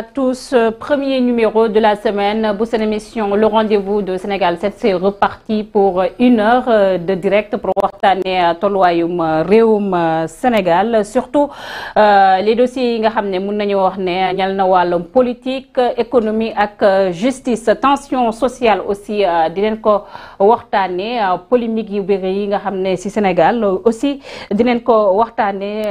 à tous. tous euh, premier numéro de la semaine bu seen émission le rendez-vous de Sénégal 7 c'est reparti pour une heure euh, de direct pour waxtaanee euh, tolluwaayum réewum Sénégal surtout les dossiers yi nga xam ne mun nañu wax ne ñal na wàllum politique économie ak justice tension sociale aussi di leen ko waxtaanee polémique yu bëri yi nga xam ne ci Sénégal aussi di leen ko waxtaanee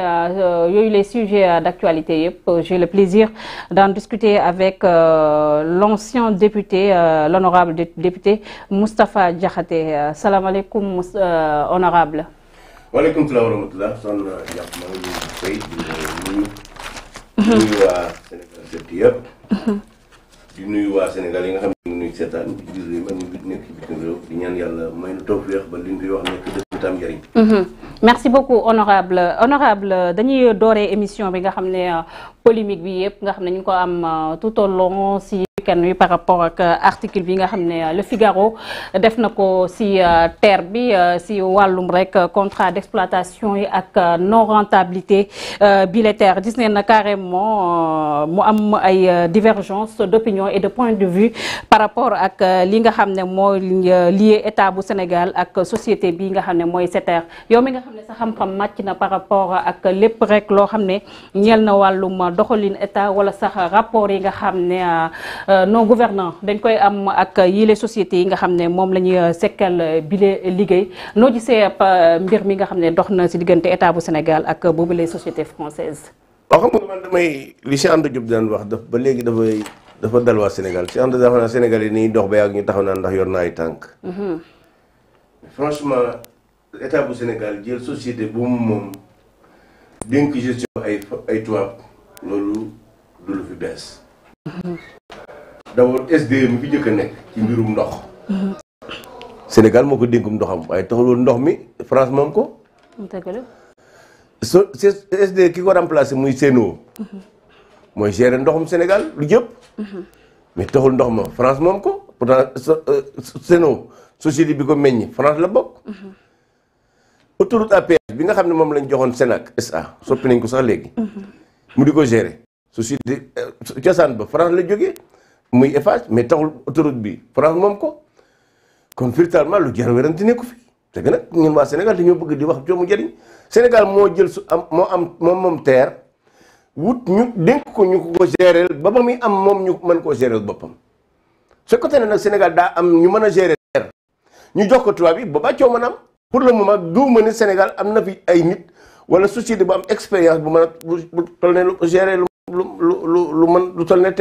yooyu les sujets d'actualité yëpp j'ai le plaisir d'en discuter avec euh, l'ancien député, euh, l'honorable député Moustapha Diakhaté. Euh, Salam honorable. waaleykum salaam wa rahmatulah soxna Diakhoune maa ngi fay di nuyu. di nuyu Sénégal sept yëpp. di nuyu waa Sénégal yi nga xam ne ñu ngi nuyu di nuyu man mii di nekk ci bitim réew di ñaan yàlla may nu tawfeex ba liñ koy te am njëriñ. Mhm. merci beaucoup honorable honorable dañuy dooree émission bi nga xam ne euh, polémique bi yëpp nga xam ne ñu ko am euh, tout au long kan wi par rapport ak euh, article bi nga xam ne euh, Le Figaro def na ko si euh, terre bi si wàllum rek contrat d'exploitation yi ak non rentabilité bilatéraire gis ne na carrément mu am ay divergence d'opinion et de point de vue par rapport ak li nga xam ne mooy lié état bu Sénégal ak société bi nga xam ne mooy SETER yow mi nga xam ne sa xam-xam màcc na par rapport ak lépp rek loo xam ne ñeel na wàllum doxalin état wala sax rapport yi nga xam ne Euh, non gouvernant dañ koy am ak yile société yi nga xam ne moom la ñuy euh, sekkal euh, bile liggéey noo gisee mbir mi nga xam ne dox na si diggante état bu Sénégal ak boobu les sociétés françaises waaw xam nga man damay li si ànd jub daan wax daf ba léegi dafay dafa dal waa Sénégal si ànd dafa naa Sénégal yi nii dox ba yàgg ñu taxaw naan ndax yor na ay tànk mm-hmm. franchement état bu Sénégal jël société bu moom dénk gestion ay ay loolu du lu fi bees mm-hmm. d'abord SDE mi fi njëkk nekk ci mbirum ndox. Sénégal moo ko dénkum ndoxam waaye taxul ndox mi France moom ko. dëgg la. so muy Sen'Eau. mooy gérer ndoxum Sénégal lu taxul ndox ma France moom ko pourtant euh, Sen'Eau société bi ko meññ France la bokk. autoroute à bi nga xam ne moom lañ joxoon Sénac SA soppi nañ ko sax léegi. mu di ko gérer société euh, cosaan ba France la jógee. muy Eiffage mais taxul autoroute bi France moom ko kon véritablement lu jar wérante nekku fi te nag ñun waa Sénégal dañoo bëgg di wax coomu jëriñ Sénégal moo jël su am moo am moom moom teer wut ñu dénk ko ñu ko gérer ba ba muy am moom ñu mën koo gérer boppam su ko nag Sénégal daa am ñu mën a gérer ñu jox ko tubaab bi boobaa coow mën a am pour le moment du ma ne Sénégal am na fi ay nit wala société bu am expérience bu man a bu toll ne lu gérer lu lu mën lu toll ne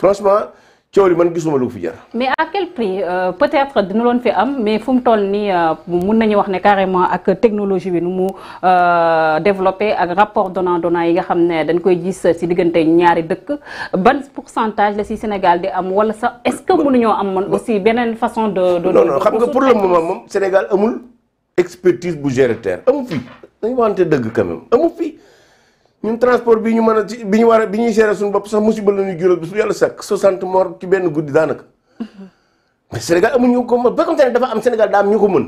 franchement coow li man gisuma lu ko fi jar. mais à quel prix euh, peut-être dina loon fi am mais fu mu toll nii euh, mun nañu wax ne carrément ak technologie bi nu mu euh, développé ak rapport donnant donnant yi nga xam ne dañ koy gis si diggante ñaari dëkk ban pourcentage la si Sénégal di am wala sax est-ce que am man aussi beneen façon de. de non non xam nga pour le moment moom Sénégal amul expertise bu gérer terre amu fi dañu wante dëgg quand même amu fi. ñun transport bi ñu mën a ci bi ñu war a bi ñuy gérer suñu bopp sax musiba la ñuy jural bi su yàlla sàkk 60 morts guddi daanaka. mais Sénégal amuñu ko mën ba comme dafa am Sénégal daa ñu ko mën.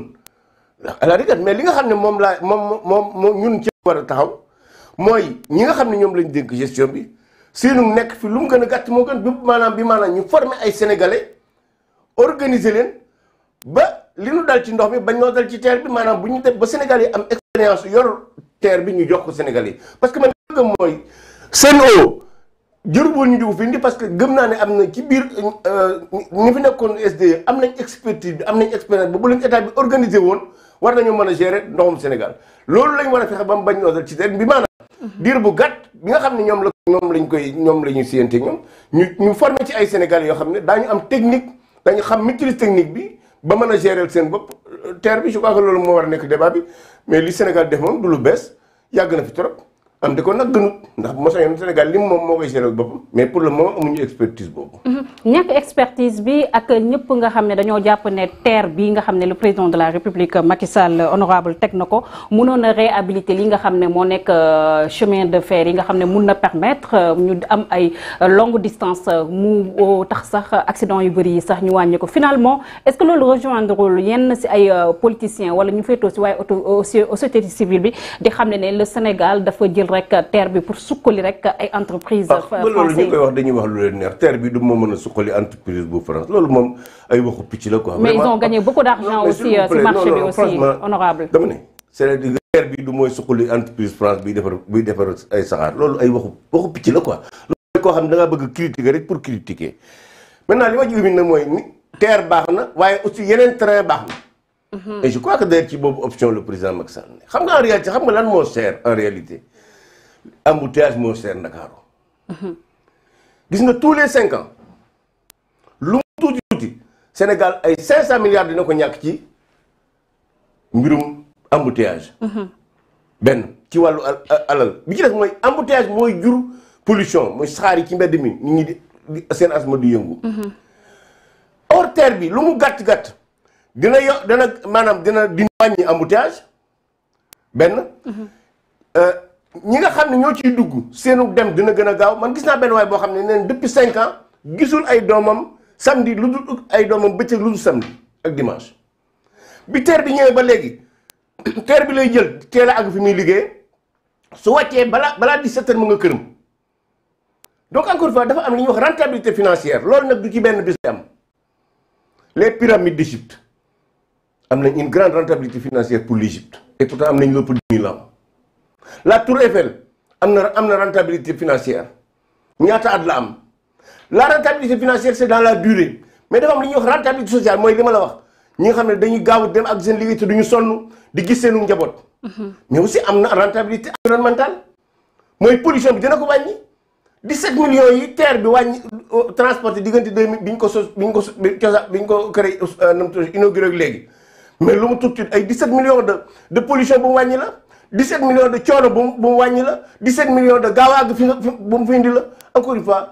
la rigueur mais li nga xam ne moom laa moom moom ñun ci a taxaw mooy ñi nga xam ne ñoom lañ dénk gestion bi seenu nekk fi lu mu gën a gàtt moo gën bi maanaam bi maanaam ñu former ay sénégalais organiser leen ba li ñu dal ci ndox mi bañ noo dal ci terre bi maanaam bu ñu def ba Sénégal yi am expérience yor terre bi ñu jox ko Sénégalais gëm mooy seen o jërëboon ñu dugg fi parce que gëm naa ne am na ci biir euh, ñi fi nekkoon SDE am nañ expertise bi am nañ expérience ba bu leen état bi organisé woon war nañoo mën a gérer ndoxum Sénégal loolu lañ war a fexe ba mu bañ noosal ci seen bi maanaam. Mhm. diir bu gàtt bi nga xam ne ñoom la ñoom lañ koy ñoom la ñu siyante ñoom ñu ñu formé ci ay Sénégal yoo xam ne daañu am technique dañu xam maîtrise technique bi ba mën a gérer seen bopp euh, terre bi je crois que loolu moo war a nekk debaa bi mais li Sénégal def moom lu bees yàgg na fi trop. am di ko nag gënut ndax bu ma sañoon Sénégal lim moom moo koy gérer boppam mais pour le moment amuñu expertise boobu. Mhm. ñàkk expertise bi ak ñëpp nga xam ne dañoo jàpp ne terre bi nga xam ne le président de la république Macky Sall honorable teg na ko mënoon a réhabiliter li nga xam ne moo nekk euh, chemin de fer yi nga xam ne mun na permettre euh, ñu am ay euh, longue distance mu tax sax accident yu bëri yi sax ñu wàññi ko finalement est-ce que loolu rejoindre yenn si ay politiciens wala ñu féetoo si waaye auto bi di xam ne ne Sénégal dafa jël. jël rek euh, terre bi pour sukkali rek euh, ay entreprise euh, français loolu wax dañuy wax lu leen neex terre bi du moo mën a sukkali entreprise bu France loolu moom ay waxu picc la quoi. mais ils ont gagné ah, beaucoup d'argent aussi xam ne da bëgg critiquer rek pour critiquer maintenant li ma jiw bi nag mooy terre baax na waaye aussi yeneen terrain baax na mhm. et je crois que d'ailleurs ci boobu option le président Macky Sall xam nga en réalité embouteillage moo seer Ndakaaru gis nga tous les cinq ans lu mu tuuti tuuti Sénégal ay cinq cent milliards dina ko ñàkk ci mbirum embouteillage benn ci wàllu alal bi ci def mooy embouteillage mooy jur pollution mooy saxaar yi ci mbedd mi nit ñi di seen asma du yëngu hors terre bi lu mu gàtt-gàtt dina yo dana maanaam dina dina wàññi embouteillage benn euh, ñi nga xam ne ñoo ciy dugg seenu dem dina gën a gaaw man gis naa benn waay boo xam ne neen depuis cinq ans gisul ay doomam samedi lu dul ay doomam bëccëg lu dul samedi ak dimanche bi teer bi ñëwee ba léegi teer bi lay jël teel ak fi muy liggéey su wàccee balaa balaa di heures mu nga kër donc encore une fois dafa am li ñuy wax rentabilité financière loolu nag du ci benn bis am les pyramides d'Égypte am nañ une grande rentabilité financière pour l'Égypte et pourtant am nañ lépp 10 000 ans la Tour Eiffel am na am na rentabilité financière ñaata at la am la rentabilité financière c'est dans la durée mais dafa am li ñuy wax rentabilité sociale mooy li ma la wax ñi nga xam ne dañuy gaaw dem ak seen liggéey te ñu sonn di gis seenu njaboot. Mhm. mais aussi am na rentabilité environnementale mooy pollution bi dina ko wàññi 17 millions yi terre bi wàññi euh, transporté diggante 2000 bi ñu ko sos bi ñu ko cosa bi ñu ko créé euh, inauguré léegi mais lu mu tuuti ay 17 millions de de pollution bu mu wàññi la. 17 millions de coono bu mu bu mu wàññi la 17 millions de gaawaag fi nga bu mu fi indi la encore une fois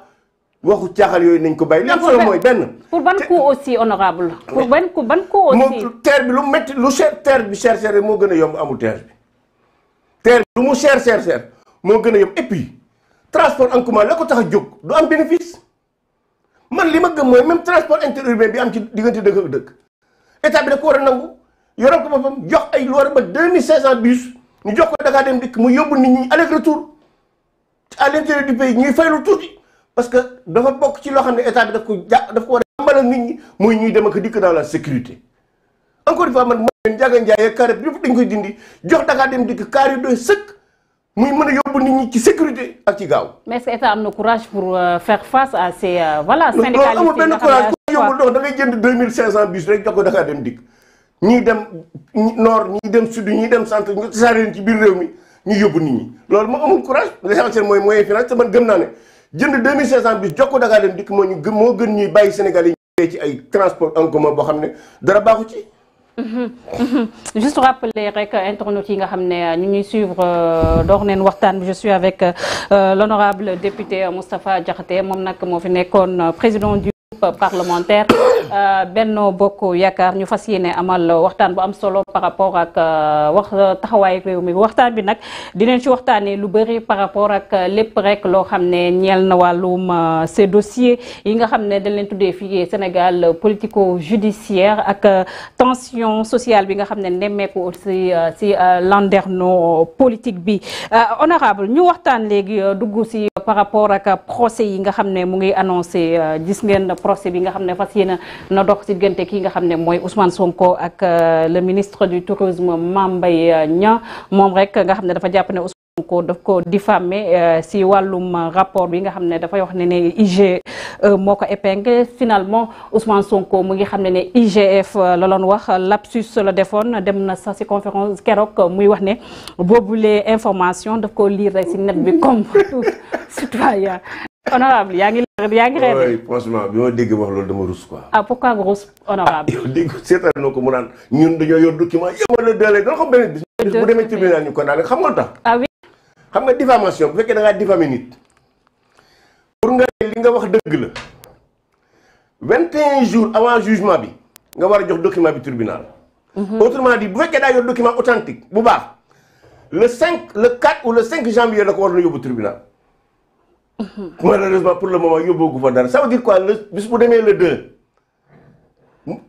waxu yooyu nañ ko bàyyi. mooy benn. pour ban coup aussi honorable pour ban coup ban coup aussi. bi lu métti lu cher terre bi cher cher moo gën a yomb amul terre bi. terre lu mu cher cher moo gën a yomb et puis transport en commun la ko tax a jóg du am bénéfice. man li ma gëm mooy même transport interurbain bi am ci diggante dëkk ak dëkk état bi da ko war a nangu yoroon ko boppam jox ay lu war a ba 2500 bus. ñu jox ko Dakar dem dikk mu yóbbu nit ñi aller retour à l'intérieur du pays ñuy faylu tuuti parce que dafa bokk ci loo xam ne état bi daf ko ja daf ko war a jàmbale nit ñi muy ñuy dem ak dikk daal la sécurité. encore une fois man mooy leen Ndiaga Ndiaye koy dindi jox Dakar dem dikk kaar yu doy sëkk muy mën a yóbbu nit ñi ci sécurité ak ci gaaw. mais est-ce que état am na courage pour euh, faire face à ces euh, voilà syndicalistes amul benn courage ku yóbbu ndox da ngay rek jox ko Dakar dem dikk. ñuy dem nord ñuy dem sud ñuy dem centre ñu tasaare leen ci biir réew mi ñu yóbbu nit ñi loolu moo amul courage l'essentiel mooy moyen finance te man gëm naa ne jënd 2500 bis jox ko Dakar dem dikk moo ñu gën moo gën ñuy bàyyi Sénégal yi ci ay transport en commun boo xam ne dara baaxu ci mhm, mhm. juste rappeler rek euh, internautes yi nga xam ne euh, ñu ñuy suivre euh, door neen waxtaan bi je suis avec l'honorable député Moustapha Diakhaté moom nag moo fi nekkoon président du parlementaire euh, Benno Bokk Yaakaar ñu fas yéene amal waxtaan bu am solo par rapport ak euh, wax taxawaay réew mi waxtaan bi nag dinañ ci waxtaanee lu bëri par rapport ak lépp rek loo xam ne ñeel na wàllum euh, ces dossiers yi nga xam ne dañ leen tuddee fii Sénégal politico judiciaire ak tension sociale bi nga xam ne nemmeeku aussi si landerneau politique bi honorable ñu waxtaan léegi dugg si par rapport ak procès yi nga xam ne mu ngi annoncé euh, gis ngeen procès bi nga xam ne fas yéene na dox ci diggante kii nga xam ne mooy Ousmane Sonko ak euh, le ministre du tourisme Mame Mbaye Niang moom rek nga xam ne dafa jàpp Sonko daf ko diffamé euh, si wàllum rapport bi nga xam ne dafay wax ne ne IG e, euh, moo ko épinglé finalement Ousmane Sonko mu ngi xam ne ne IGF e euh, la loon wax lapsus la defoon dem na sax si conférence keroog muy wax ne boobule information daf ko lire rek si net bi comme tout citoyen honorable yaa ngi yaa ngi réer bi ma dégg wax loolu dama rus quoi. ah pourquoi nga rus honorable. Ah, yow dégg seetaan noo ko mu naan ñun dañoo yor document yëpp. wala doole doo xam benn bis. bu demee tribunal ñu ko daal xam nga tax. Ah xam nga diffamation bu fekkee da ngaa diffamé nit pour nga li nga wax dëgg la vingt et un avant jugement bi nga war a jox document bi tribunal mhm. autrement dit bu fekkee daa yor document authentique bu baax le cinq le quatre ou le cinq janvier la ko war na yóbbu tribunal mhm. malheureusement pour le moment yóbboogu fa dara ça veut dire quoi le bis bu demee le deux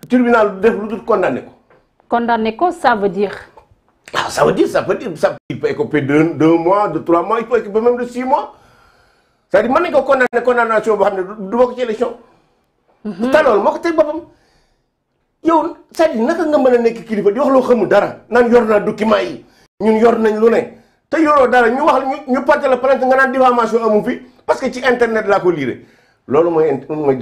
tribunal def lu dul condamné ko condamné ko ça veut dire Ah, ça veut dire, ça peut dire, ça, il peut écoper de deux mois, de trois mois, il peut écoper même de six mois. cest à mën nañu ko condamné condamnation boo xam ne du bokk ci élection. Mhm. te loolu moo ko teg boppam. yow c'est-à-dire naka nga mën a nekk kilifa di wax loo xamul dara naan yor naa document yi ñun yor nañ lu ne te yoroo dara ñu wax ñu ñu porté la plainte nga naan diffamation amu fi parce que ci internet laa ko liire loolu mooy in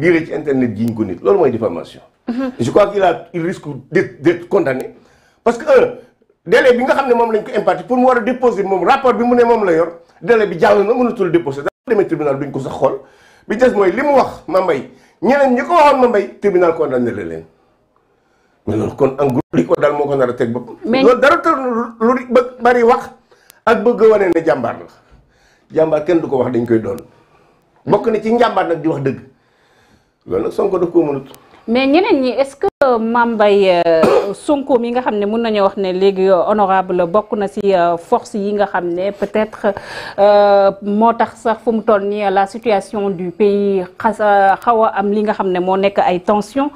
liire ci internet jiñ ko loolu mooy diffamation. Mhm. je crois qu'il a il risque d'être d'être condamné. parce que un euh, bi nga xam ne moom lañ ko imparti pour mu war a déposer moom rapport bi mu ne moom la yor délai bi jàll na mënatul déposer dafa demee tribunal duñ ko sax xool bi des mooy li mu wax ma mbay ñeneen ñi ko waxoon ma mbay tribunal condamné la leen mais loolu kon en gros li ko a teg bopp loolu dara tër lu bari wax ak bëgg a ne jàmbaar la jàmbaar kenn du ko wax dañ koy doon bokk na ci njàmbaar nag di wax dëgg loolu nag Sonko daf koo mënut mais ñeneen ñi est-ce que euh, Mame Mbaye euh, Sonko mi nga xam ne mun nañoo wax ne léegi euh, honorable bokk na ci force yi nga xam ne peut-être moo tax sax fu mu toll nii la situation du pays xasa xaw am li nga xam ne moo nekk ay tension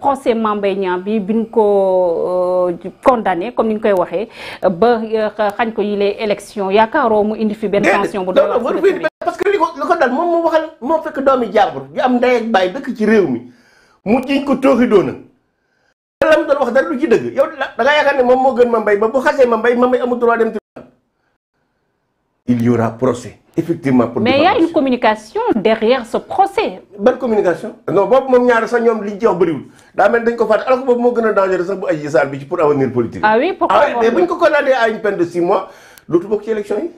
procès Mame Mbaye Niang bi biñ ko condamné comme ni nga koy waxee ba xañ ko yilee élection yaakaaroo mu indi fi benn tension bu doon parce que li ko li ko dal moom mu waxal moo fekk doomi jàmbur yu am ndey ak baay dëkk ci réew mi mu ciñ ko tooxi doona lam doon wax dara du ci dëgg yow da nga yaakaar ne moom moo gën ma mbay ba bu xasee ma mbay ma mbay amul droit dem tribunal il y aura procès effectivement pour mais y a une communication derrière ce procès ban communication non boob moom ñaar sax ñoom liñ ci wax bëriwul daa mel dañ ko fàtte alors que boobu moo gën a dangereux sax bu Adji bi ci pour avenir politique ah oui pourquoi ah mais buñ ko condamné à une peine de six mois dootu bokk ci élection yi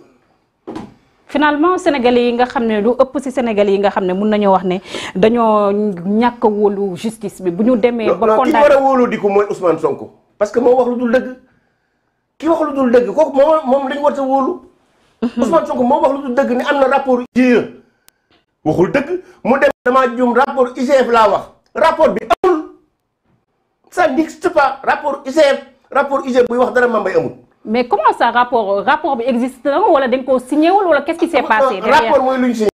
finalement sénégalais yi nga xam ne lu ëpp si sénégal yi nga xam ne mun nañoo wax ne dañoo ñàkk a wóolu justice bi bu ñu demee. ba condamné non ki war a wóolu di parce que moo wax lu dul dëgg ki lu dul dëgg kooku moom moom dañu war a wóolu. Mhm. Ousmane Sonko moom wax lu dul dëgg ni am na rapport GIE. waxul dëgg mu dem damaa jum rapport IGF laa wax rapport bi amul ça n'existe pas rapport IGF rapport IGF buy wax dara Mame Mbaye mais comment sa rapport rapport bi existe na wala dañ koo signé wala wala qu'est-ce qui s'est passé. rapport mooy lu ñu signé.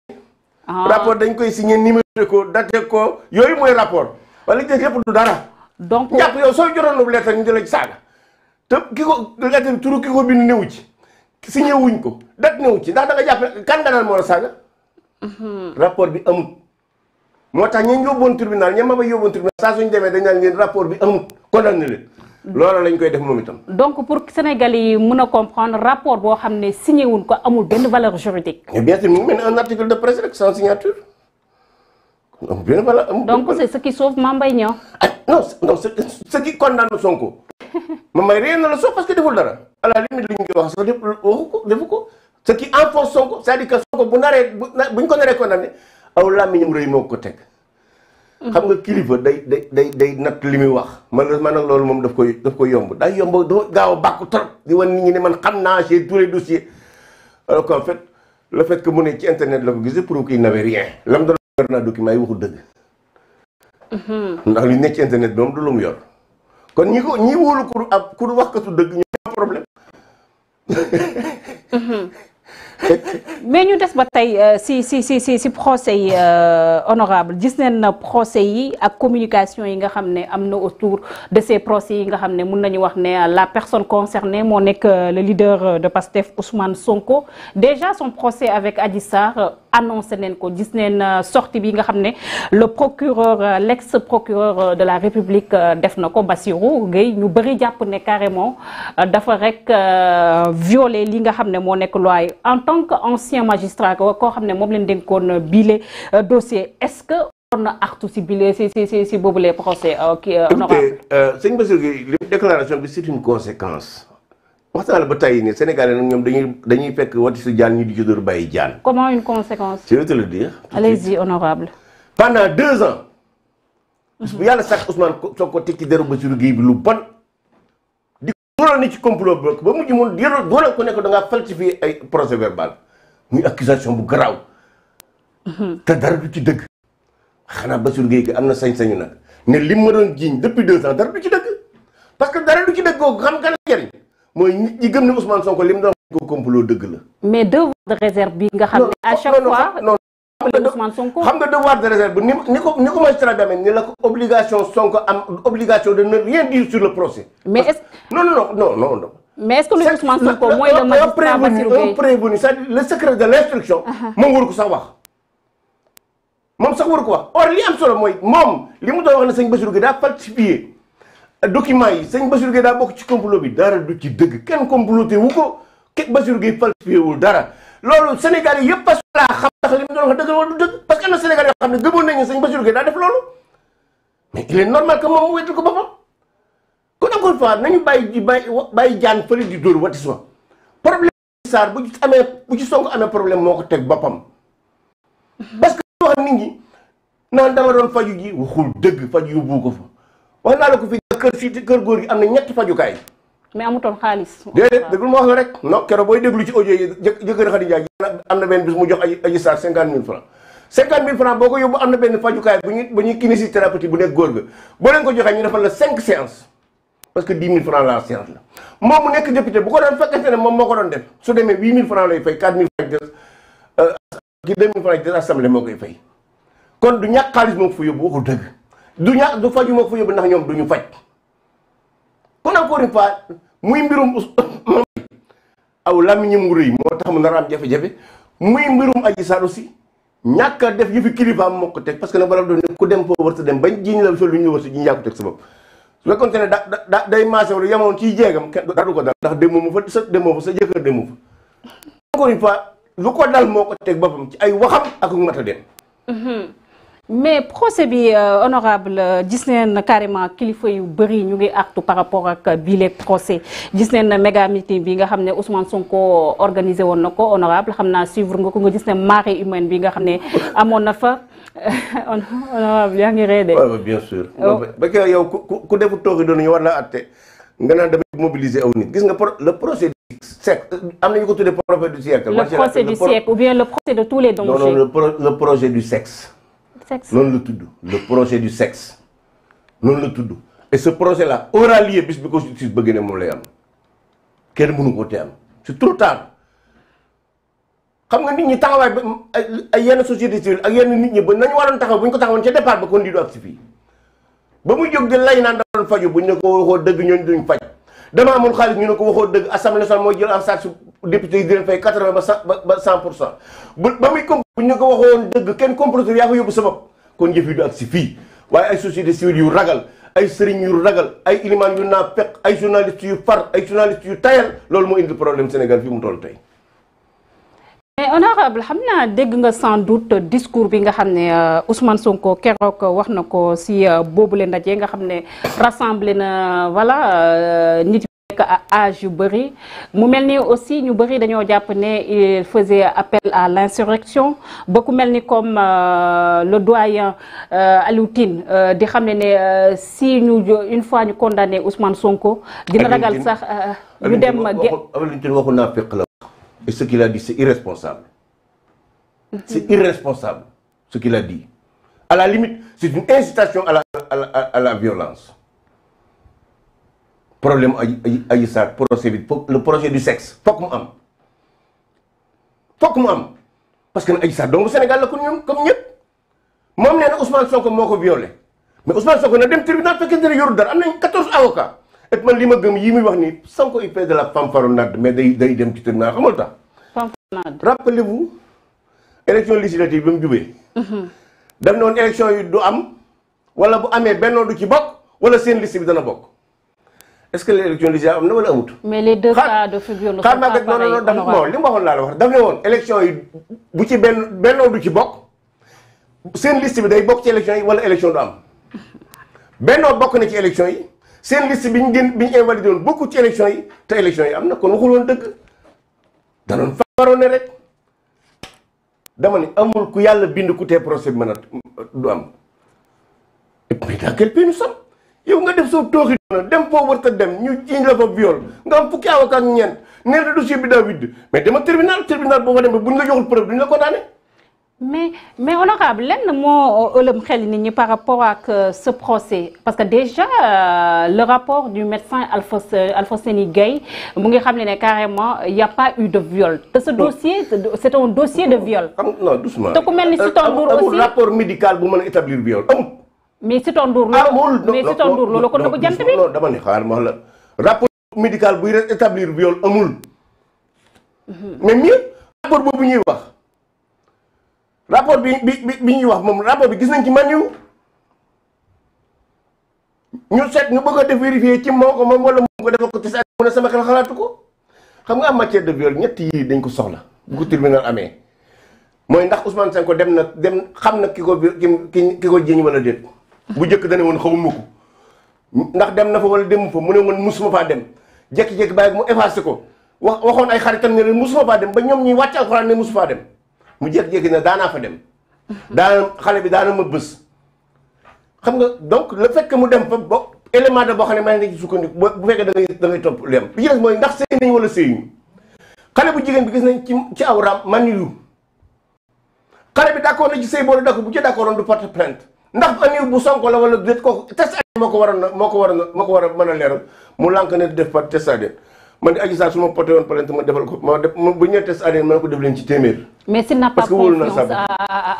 Ah. rapport dañ koy signé numéroté ko daté ko mooy rapport wala li ci yëpp du dara. soo jotoon lu lettre ñu di saaga te ki ko turu ki ko bind newu ci signé ko dat newu ci ndax da nga jàpp kan nga moo la saaga. Mhm. rapport bi amut. moo tax ñi ñu yóbboon tribunal ña ma ba yóbboon tribunal saa suñu demee dañ naan leen rapport bi amut condamné leen. Mm-hmm. loola lañ koy def moom itam. donc pour sénégal yi mën a comprendre rapport boo xam ne signé wuñ ko amul benn valeur juridique. mais bien sûr mu mel ni un article de presse rek sans signature. amul benn valeur amul donc c'est ce qui sauve Mame Mbaye Niang. ah non condamne Sonko. Mame Mbaye rien ne le sauve parce deful dara. à la limite li ñu wax sax lépp waxu ko defu ko ce qui enforce Sonko c'est-à-dire que Sonko bu naree bu buñ ko naree condamné ko teg. xam nga kilifa day day day day natt li muy wax man man nag loolu moom daf koy daf koy yomb day yomb doo gaaw a bàkku trop di wan nit ñi ne man xam naa c'est tous les dossiers alors qu'en fait le fait que mu ne ci internet la ko gisee pour qu'il n'avait rien lam doon yor naa document yi waxul dëgg mm-hmm. ndax li nekk ci internet bi moom du lu yor kon ñi ko ñi wóolu ku ab ku wax katu dëgg ñoo problème mm-hmm. mais ñu des ba tey euh, si si si si si procès yi euh, honorable gis neen na procès yi ak communication yi nga xam ne am na autour de ces procès yi nga xam ne mun nañu wax ne la personne concernée moo nekk euh, le leader de PASTEF Ousmane Sonko déjà son procès avec Adji annoncé neen ko gis neen euh, sortie bi nga xam ne le procureur euh, l'ex procureur euh, de la République def na ko Bassirou Gueye ñu bëri jàpp ne carrément dafa rek violer li nga xam ne moo nekk loi en tant que ancien magistrat koo xam ne moom leen dénkoon bile dossier est-ce que on na artu si bile si si si si boobu les procès kii honorable sëñ Bassirou déclaration bi c'est une conséquence wax naa ba tey nii Sénégalais nag ñoom dañuy dañuy fekk wati su jaan ñu di ci dóor bàyyi jaan. comment une conséquence. je vais te le dire. allez-y honorable. pendant deux ans. yàlla sax Ousmane Sonko tekki deru Bassirou Guèye bi lu bon. di ko doon ci complot bloc ba mujj mun yore doole ko nekk da ngaa falsifier ay procès verbal muy accusation bu garaaw. te dara du ci dëgg. xanaa Bassirou géey gi am na sañ-sañu nag ne li ma doon jiiñ depuis deux ans dara du ci dëgg parce que dara du ci dëgg googu xam nga njëriñ. mooy ñi gëm ne Ousmane Sonko lim doon ko complot dëgg la. mais devoir de réserve bi nga xam ne à chaque fois non Ousmane Sonko xam nga devoir de réserve bi ni de ne rien dire sur le procès. mais est ce non non non non Sonko mooy le magistrat Bassirou Gueye un dire le secret de l' instruction. Uh-huh. moom waru ko sax wax. moom sax waru ko wax or li am solo mooy moom li mu doon wax ne sëñ Bassirou Gueye daa falsifié. document yi sëñ Bassirou Gueye daa bokk ci complot bi dara du ci dëgg kenn comploté wu ko kenn Bassirou Gueye wul dara loolu Sénégal yi yëpp parce que laa xam ndax li parce que am na Sénégal yoo xam ne gëmoon nañu ko boppam kon encore une fois nañu bàyyi di bàyyi bàyyi di dóor watisma problème Sarr bu ci amee bu ci Sonko amee problème moo ko teg boppam parce que wax nit ñi naan dama doon faju ji waxul dëgg faju yóbbu ko fa wax naa la ko fii kër fii ci kër góor gi am na ñetti fajukaay. mais amutoon xaalis. déedéet déglu ma wax la rek. no keroog booy déglu ci audio yi jë jëkkër Khadija gi am na benn bis mu jox ay Adji Sarr cinquante mille francs cinquante mille francs boo ko yóbbu am na benn fajukaay bu ñuy bu ñuy kinésithérapie bu nekk góor ga boo leen ko joxee ñu defal la cinq séances parce que dix mille francs la séance la moom mu nekk député bu ko doon fekkente ne moom moo ko doon def su demee huit mille francs lay fay quatre mille francs des euh, kii deux mille francs kon du ñàkk xaalis moo ko fa du ña du faju ma ko fa yóbbu ndax ñoom duñu faj kon encore une fois muy mbirum aw làmmiñam wu rëy moo tax mu nar a am jafe-jafe muy mbirum Adji Sarr aussi ñàkk a def yëfi kilifaam moo ko parce que nag balaa doon ne ku dem foo war sa dem bañ jiñ la sol lu ñu war sa jiñ yaa ko teg sa bopp su fekkoon ne da da day maase wala yemoon ciy jéegam kenn dara du ko dal ndax demoo ma fa sa demoo fa sa jëkkër demoo fa encore une fois lu ko dal moo ko teg boppam ci ay waxam ak a dem mm-hmm. mais procès bi euh, honorable euh, gis neen carrément kilifa yu bëri ñu ngi artu par rapport ak euh, bile procès gis neen méga meeting bi nga xam ne son Sonko organisé woon na ko honorable xam naa suivre nga ko nga gis ne marée humaine bi nga xam ne amoon na fa honorable yaa ngi reede bien sûr ba oh. yow ku ku defu tooxi doon ñu war laa atte nga naan damay mobiliser aw nit gis nga le procès du siècle am nañu ko tuddee procès procès du siècle ou procès projet du sexe sexe loolu la tudd le projet du sexe loolu la tudd et ce projet la aura lieu bis bi ko justice bëgg ne moom lay am kenn mënu ko te am c'est trop tard xam nga nit ñi taxawaay ba ay yenn société civile ak yenn nit ñi ba nañu waroon taxaw bu ñu ko taxawoon ca départ ba kon lii du ba muy jóg di lay naan da doon faju bu ñu ne ko waxoo dëgg ñooñu duñ faj dama amul xaalis ñu ne ko waxoo dëgg assemblée nationale mooy jël en charge député yi di leen fay quatre-vingt ba cent pour cent ba muy comp bu ñu ko waxoon dëgg kenn comploteur yaa ko yóbbu sa bopp kon jëf yi du ak si fii waaye ay société civile yu yu ragal loolu moo indi problème Sénégal fii mu toll tey mais honorable xam naa dégg nga sans doute discours bi nga xam ne euh, Ousmane Sonko keroog wax na ko si euh, boobule ndaje nga xam ne rassemblé na voilà euh, nit nekk à âge yu bëri mu mel ni aussi ñu bëri dañoo jàpp ne il faisait appel à l'insurrection ba ku mel ni comme euh, le doyen euh, Alioune Tine euh, di xam ne ne si ñu une fois ñu condamné Ousmane Sonko dina ragal sax ñu dem Alioune Tine waxu naa féq la et ce qu'il a dit c'est irresponsable mm-hmm. c'est irresponsable ce qu'il a dit à la limite c'est une incitation à la à la violence problème ay ay saak procès bi foog le projet du sexe foog mu am foog mu am parce que Adji Sarr doomu Sénégal la ko ñoom comme ñëpp moom nee na Ousmane Sonko moo ko violé mais Ousmane Sonko na dem tribunal bu fekkee ne yorul dara am nañ 14 avocats et man li ma gëm yi muy wax nii Sonko il fait de la fanfaronnade mais day day dem ci tribunal xamul tax. fanfaronnade rappelez-vous élection législative bi mu jubee. Mhm. daf ne woon élection yi du am wala bu amee benn du ci bokk wala seen liste bi dana bokk. est-ce que l'élection légale am na wala amut. xaar pare non non dafa li mu waxoon laa wax daf woon élection yi bu ci benn bennoo du ci bokk seen liste bi day bokk ci élection yi wala élection du am bennoo bokk na ci élection yi seen liste bi ñu gën bi ñu invalidé woon bokku ci élection yi te élection yi am na kon waxul woon dëgg danoon faroon ne rek dama ne amul ku yàlla bind ku tee procès bi mën a du am et puis dans quel pays yow nga def soo tooxi dem foo warta dem ñu jiñ la fa viol nga am fukki avocat ak ñeent nee na dossier bi daa widd mais dama tribunal tribunal boo fa demee buñ la joxul preuve duñ la condamné mais mais honorable lenn moo ëlëm xel nit ñi par rapport ak euh, ce procès parce que déjà euh, le rapport du médecin Alphonseni Gaye mu ngi xam ne ne carrément y a pas eu de viol te ce dossier c'est un dossier de viol non mel ni euh, si ton aussi rapport médical bu mal a établir viol mais si tonduur loolu mais si tonduur loolu kon bu jant bi non dama ne xaar ma la rapport médical buy rek établir viol amul mais mi rapport boobu ñuy wax rapport bi bi bi ñuy wax moom rapport bi gis nañ ci man yu ñu seet ñu bëgg a def vérifier ci moo ko moom wala moom ko defal ko ci sa mu ne sama xalaatu ko xam nga am matière de viol ñett yii dañ ko soxla bu ko tribunal amee mooy ndax Ousmane ko dem na dem xam na ki ko ki ki ko jiiñ wala déet bu njëkk dane woon xawma ko ndax dem na fa wala dem fa mu ne woon musuma faa dem jékki-jékki bàyyi mu effacé ko wax waxoon ay xaritam ne leen mu faa dem ba ñoom ñuy wàcc alxuraan ne musu faa dem mu jékki-jékki na daanaa fa dem daana xale bi daana ma bës xam nga donc la fait mu dem fa ba élément da boo xam ne maa ngi ci sukkandiku bu fekkee da ngay da topp lem bi ci des mooy ndax sëy nañ wala sëyuñu xale bu jigéen bi gis nañ ci ci awraam man yu xale bi d'accord na ci sëy boole d'accord bu ci d'accordoon du porte plainte ndax aniw bu Sonko la wala déet kooku test ADN moo ko waroon moo war a mën a leeral mu lànk ne def par test ADN man di Adji Sarr su ma porté woon plainte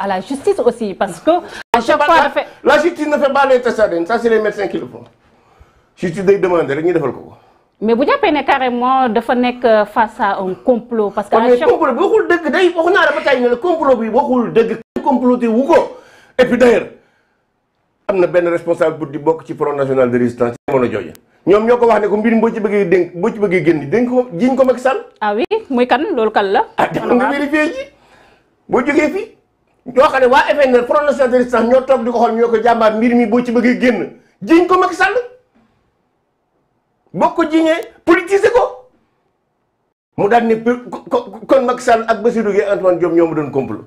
la justice que. à chaque fois la justice ne fait pas les tests ADN ça c'est les médecins qui le font day demander rek ñu defal ko ko. mais bu jàppee ne carrément dafa nekk euh, face à un complot. parce que ah, complot bi waxul dëgg day waxu naa dafa tay ne la complot bi waxul dëgg. comploté wu ko et am na benn responsable pour di bokk ci front national de résistance ci jamono jooju ñoom ñoo ko wax ne ko mbir mi boo ci bëggee dénk boo ci bëggee génn dénk ko jiñ ko Macky Sall. ah la. ah boo jógee fii ñoo ne waa FNR front national de résistance ñoo toog di ko xool ñoo ko jàmbaat mbir mi boo ci bëggee génn jiñ ko Macky Sall boo ko jiñee politiser ko. mu daal ne kon Macky Sall ak Bassirou Guèye Antoine Diome ñoo ma doon complot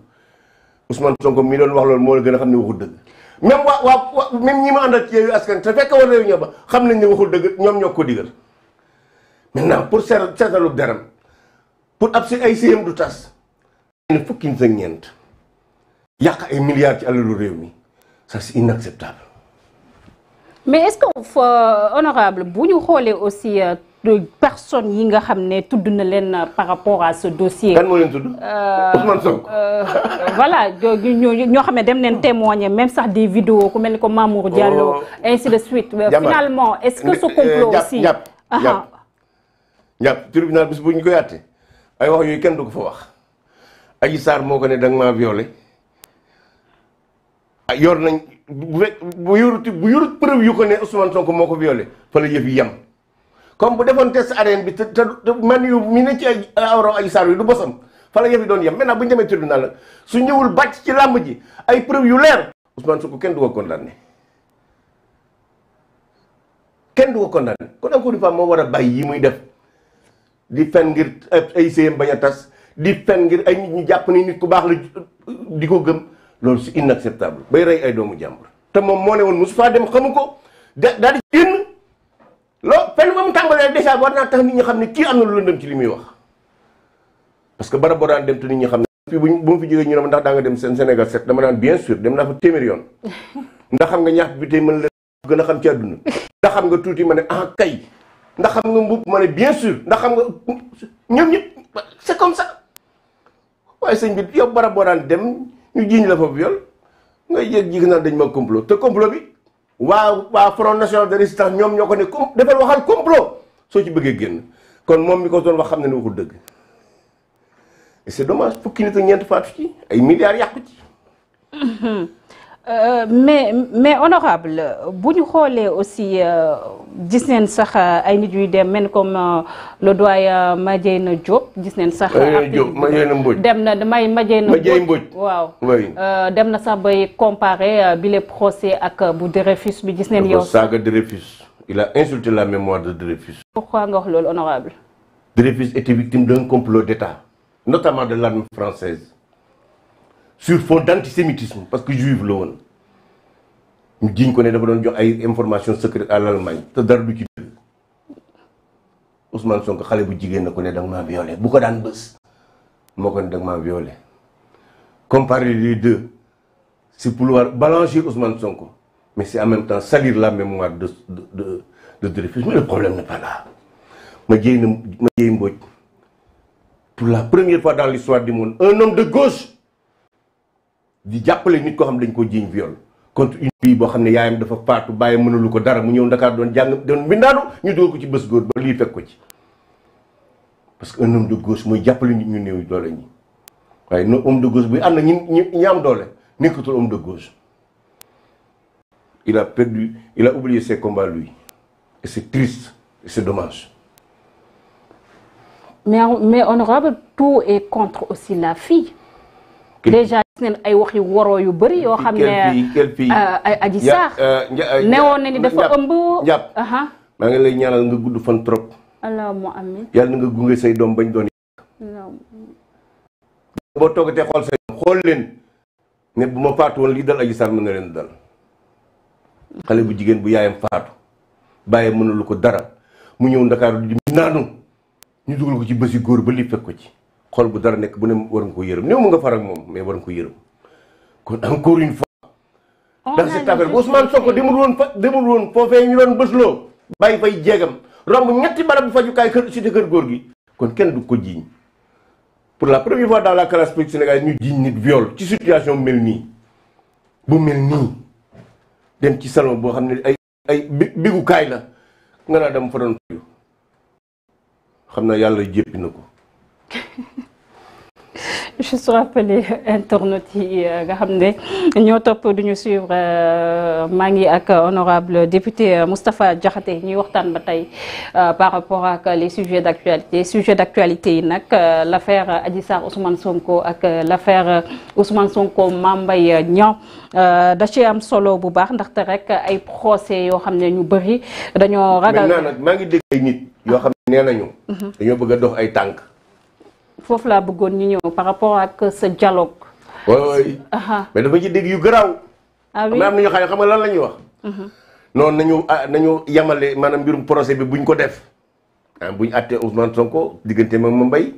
Ousmane Sonko mi doon wax loolu moo la gën a xam ne waxul dëgg. même waa waa même ñi ma àndal ci Yewwi Askan te fekk war réunion ba xam nañ ne waxul dëgg ñoom ñoo ko digal maintenant pour seetal seetalu deram pour ab si ay siyam du tas ñeent yàq ay milliards ci alalu réew mi ça si inacceptable mais est-ce que euh, honorable bu ñu xoolee aussi euh, personnes yi nga xam ne tudd na leen par rapport à ce dossier. kan moo leen tudd euh, Ousmane Sonko. Euh, euh, voilà ñoo xam ne dem neen témoigner même sax des vidéos ku mel ni ko Mamour oh. Diallo. ainsi de suite. finalement jàpp jàpp jàpp bu ñu ko yàtte ay wax yooyu kenn du ko fa wax. Adji Sarr moo ko ne danga maa violé ah, yor nañ bu bu yorut bu yorut preuve yu ko ne Ousmane Sonko moo ko violé fa la yëf yi comme bu defoon test ADN bi te te man yu mi ne ci ay awra Adji Sarr yi du bosam fa la yëf doon yem maintenant bu ñu demee tribunal la su ñëwul bàcc ci làmb ji ay preuve yu leer su ko kenn du ko condamné kenn du ko condamné kon encore moo war a bàyyi yi muy def di fen ngir eh, ay séyam bañ a tas di fen ngir ay nit ñu jàpp ni nit ku baax la di ko gëm loolu c'est inacceptable bay rey ay doomu jàmbur te moom moo ne woon mosu faa dem xamu ko da di génn waa war naa tax nit ñi xam ne kii am na lu que barab boo daan dem te nit ñi xam ne depuis bu bu ma fi jógee ñu ne ma ndax daa nga dem seen xam nga ñaax bi tey mën la gën xam ci àdduna xam nga tuuti ma ne ah kay ndax xam nga mbubb ma ne bien sûr ndax xam nga ñoom ñëpp c'est comme ça waaye sëñ bi yow barab boo daan dem ñu jiiñ la fa viol ngay jéeg jig dañ ma complot te complot bi waa waa front national de résistance ñoom ñoo ko ne defal waxal complot soo ci bëggee génn kon moom mi ko doon wax xam ne ne waxul dëgg et c'est dommage fukki nit euh, mais mais honorable bu ñu xoolee aussi euh, gis neen sax euh, ay nit yuy dem men comme le doyen Madiène Diop gis neen sax. Madiène Mbodj dem na may Madiène Mbodj waaw dem na sax bay comparé bi le procès ak bu Dreyfus bi gis neen yow. saaga Dreyfus. il a insulté la mémoire de Dreyfus. pourquoi nga wax loolu honorable Dreyfus était victime d'un complot d'État notamment de l'armée française sur fond d'antisémitisme parce que juif la woon ñu ko ne dafa doon jox ay information secrète à l'Allemagne te dara du ci dëgg xale bu jigéen na ko ne danga maa violé bu ko daan bës moo ko danga maa violé comparer les deux c'est pour balanger Ousmane Sonko mais c'est en même temps salir la mémoire de de de, de Dreyfus mais ne problème n'est pas ma jéy na ma jéy Mbodj pour la première fois dans l'histoire du monde un homme de gauche di jàppale nit koo xam ne dañ ko jiiñ viol contre une fille boo xam ne yaayam dafa faatu bàyyi mënulu ko dara mu ñëw Ndakaar doon jàng doon mbindaanu ñu dugal ko ci bés góor ba lii fekk ko ci parce que un homme de gauche mooy jàppale nit ñu néew doole ñi waaye no homme de gauche bi am na ñi ñi am doole nekkatul homme de gauche il a perdu, il a oublié ses combats, lui. Et c'est triste, et c'est dommage. Mais, mais honorable, tout est contre aussi la fille. Déjà, neen ay wax yu waroo yu bëri yoo xam ne quel pays aji saax newoon na ni dafa ëmb njàpp maa ngi lay ñaanal nga gudd fan trop allahumma amin yàlla nga gunge say doom bañ doon boo toogatee xool say doom xool leen ne bu ma faatu woon lii dal aji saax na leen dal xale bu jigéen bu yaayam faatu bàyyi mënul ko dara mu ñëw ndakaaru di naanu ñu dugal ko ci bési góor ba li fekk ko ci xol bu dara nekk bu ne war nga ko yërëm néew mu nga faral moom mais war nga ko yërëm kon encore une fois oh, dans cette affaire bu Ousmane Sonko demul woon fa demul woon foofee ñu doon bësloo bàyyi fay jéegam romb ñetti barab bu fajukaay kër cité kër góor gi kon kenn du ko jiiñ pour la première fois dans la classe politique sénégalaise ñu jiiñ nit viol ci situation mel nii bu mel nii dem ci salon boo xam ne ay ay bigukaay la nga naa dem fa doon xam na yàlla jéppi na ko juste rappeler euh, internautes yi euh, nga xam ne ñoo topp du ñu suivre euh, maa ngi ak honorable député Moustapha Diakhaté ñuy waxtaan ba tey par rapport ak les d' actualité sujet d' actualité yi nag l' affaire Adji Sarr Ousmane Sonko ak l' affaire Sonko mam Mbaye Niang da ci am solo bu baax ndaxte rek ay procès yoo xam ne ñu bëri dañoo ragal. maintenant nag maa ngi dégg ay nit yoo xam nee nañu. Mhm. dañoo bëgg dox ay tànk. foofu laa bëggoon ñu ñëw par rapport ak sa dialogue. oui mais dafa ci dégg yu garaaw. ah am na ñu xam xam nga lan la ñuy wax. Mhm. noonu nañu ah, nañu yemale maanaam mbirum procès bi buñ ko def ah buñ àttee Ousmane Sonko diggante ma ma mbay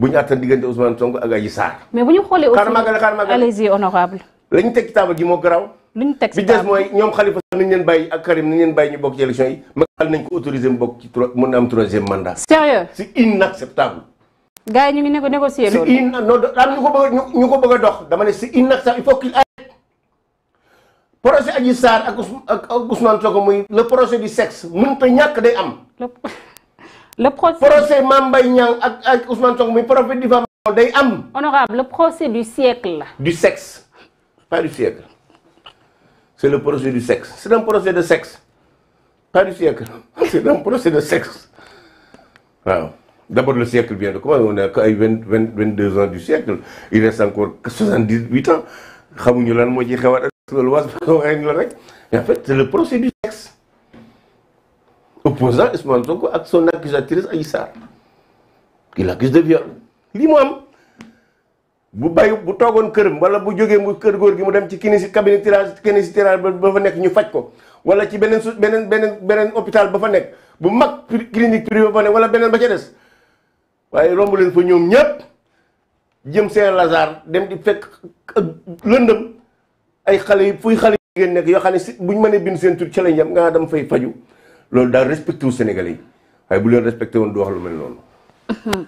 buñ àttee diggante Ousmane Sonko ak Adji Sarr. mais bu ñu xoolee aussi xaaral xaaral allez-y honorable. lañu teg ci table gi moo garaaw. luñ teg ci table bi des mooy ñoom Khalifa nañ leen bàyyi ak Karim nañ leen bàyyi ñu bokk ci élection yi. ma xal nañ ko autorisé mu bokk ci trois mën na am troisième mandat. sérieux c'est gars yi ñu ngi négocier loolu. si in ñu ko bëgg a ñu ko bëgg a dox dama ne si in nag sax il faut qu'il arrête projet Adji Sarr ak ak Ousmane Sonko muy le projet du sexe mënut a ñàkk day am. le procès procès Mame Mbaye ak ak Ousmane Sonko muy projet diffamation day am. honorable le procès du siècle la. du sexe pas du siècle c'est le procès du sexe c'est un de sexe pas du siècle c'est un procès de sexe waaw. D'abord, le siècle vient de quoi On est à 20, 20, 22 ans du siècle. Il reste encore 78 ans. Et en fait, c'est le procès du sexe. Opposant Ousmane Sonko à son accusatrice Aïssa. Il l'accuse de viol. L'imam. bu bàyyi bu toogoon këram wala bu jógee mu kër góor gi mu dem ci kinisi cabinet tirage kinisi tirage ba fa nekk ñu faj ko wala ci beneen su beneen beneen beneen hôpital ba fa nekk bu mag clinique privée ba fa nekk wala beneen ba ca des waaye romb leen fa ñoom ñépp jëm seen lazar dem di fekk lëndëm ay xale yi fuy xale yi ngeen nekk yoo xam ne si buñ mënee bind seen tur ci lañ yam dem fay faju loolu daal respecté wu waaye bu leen respecté woon du wax lu mel noonu.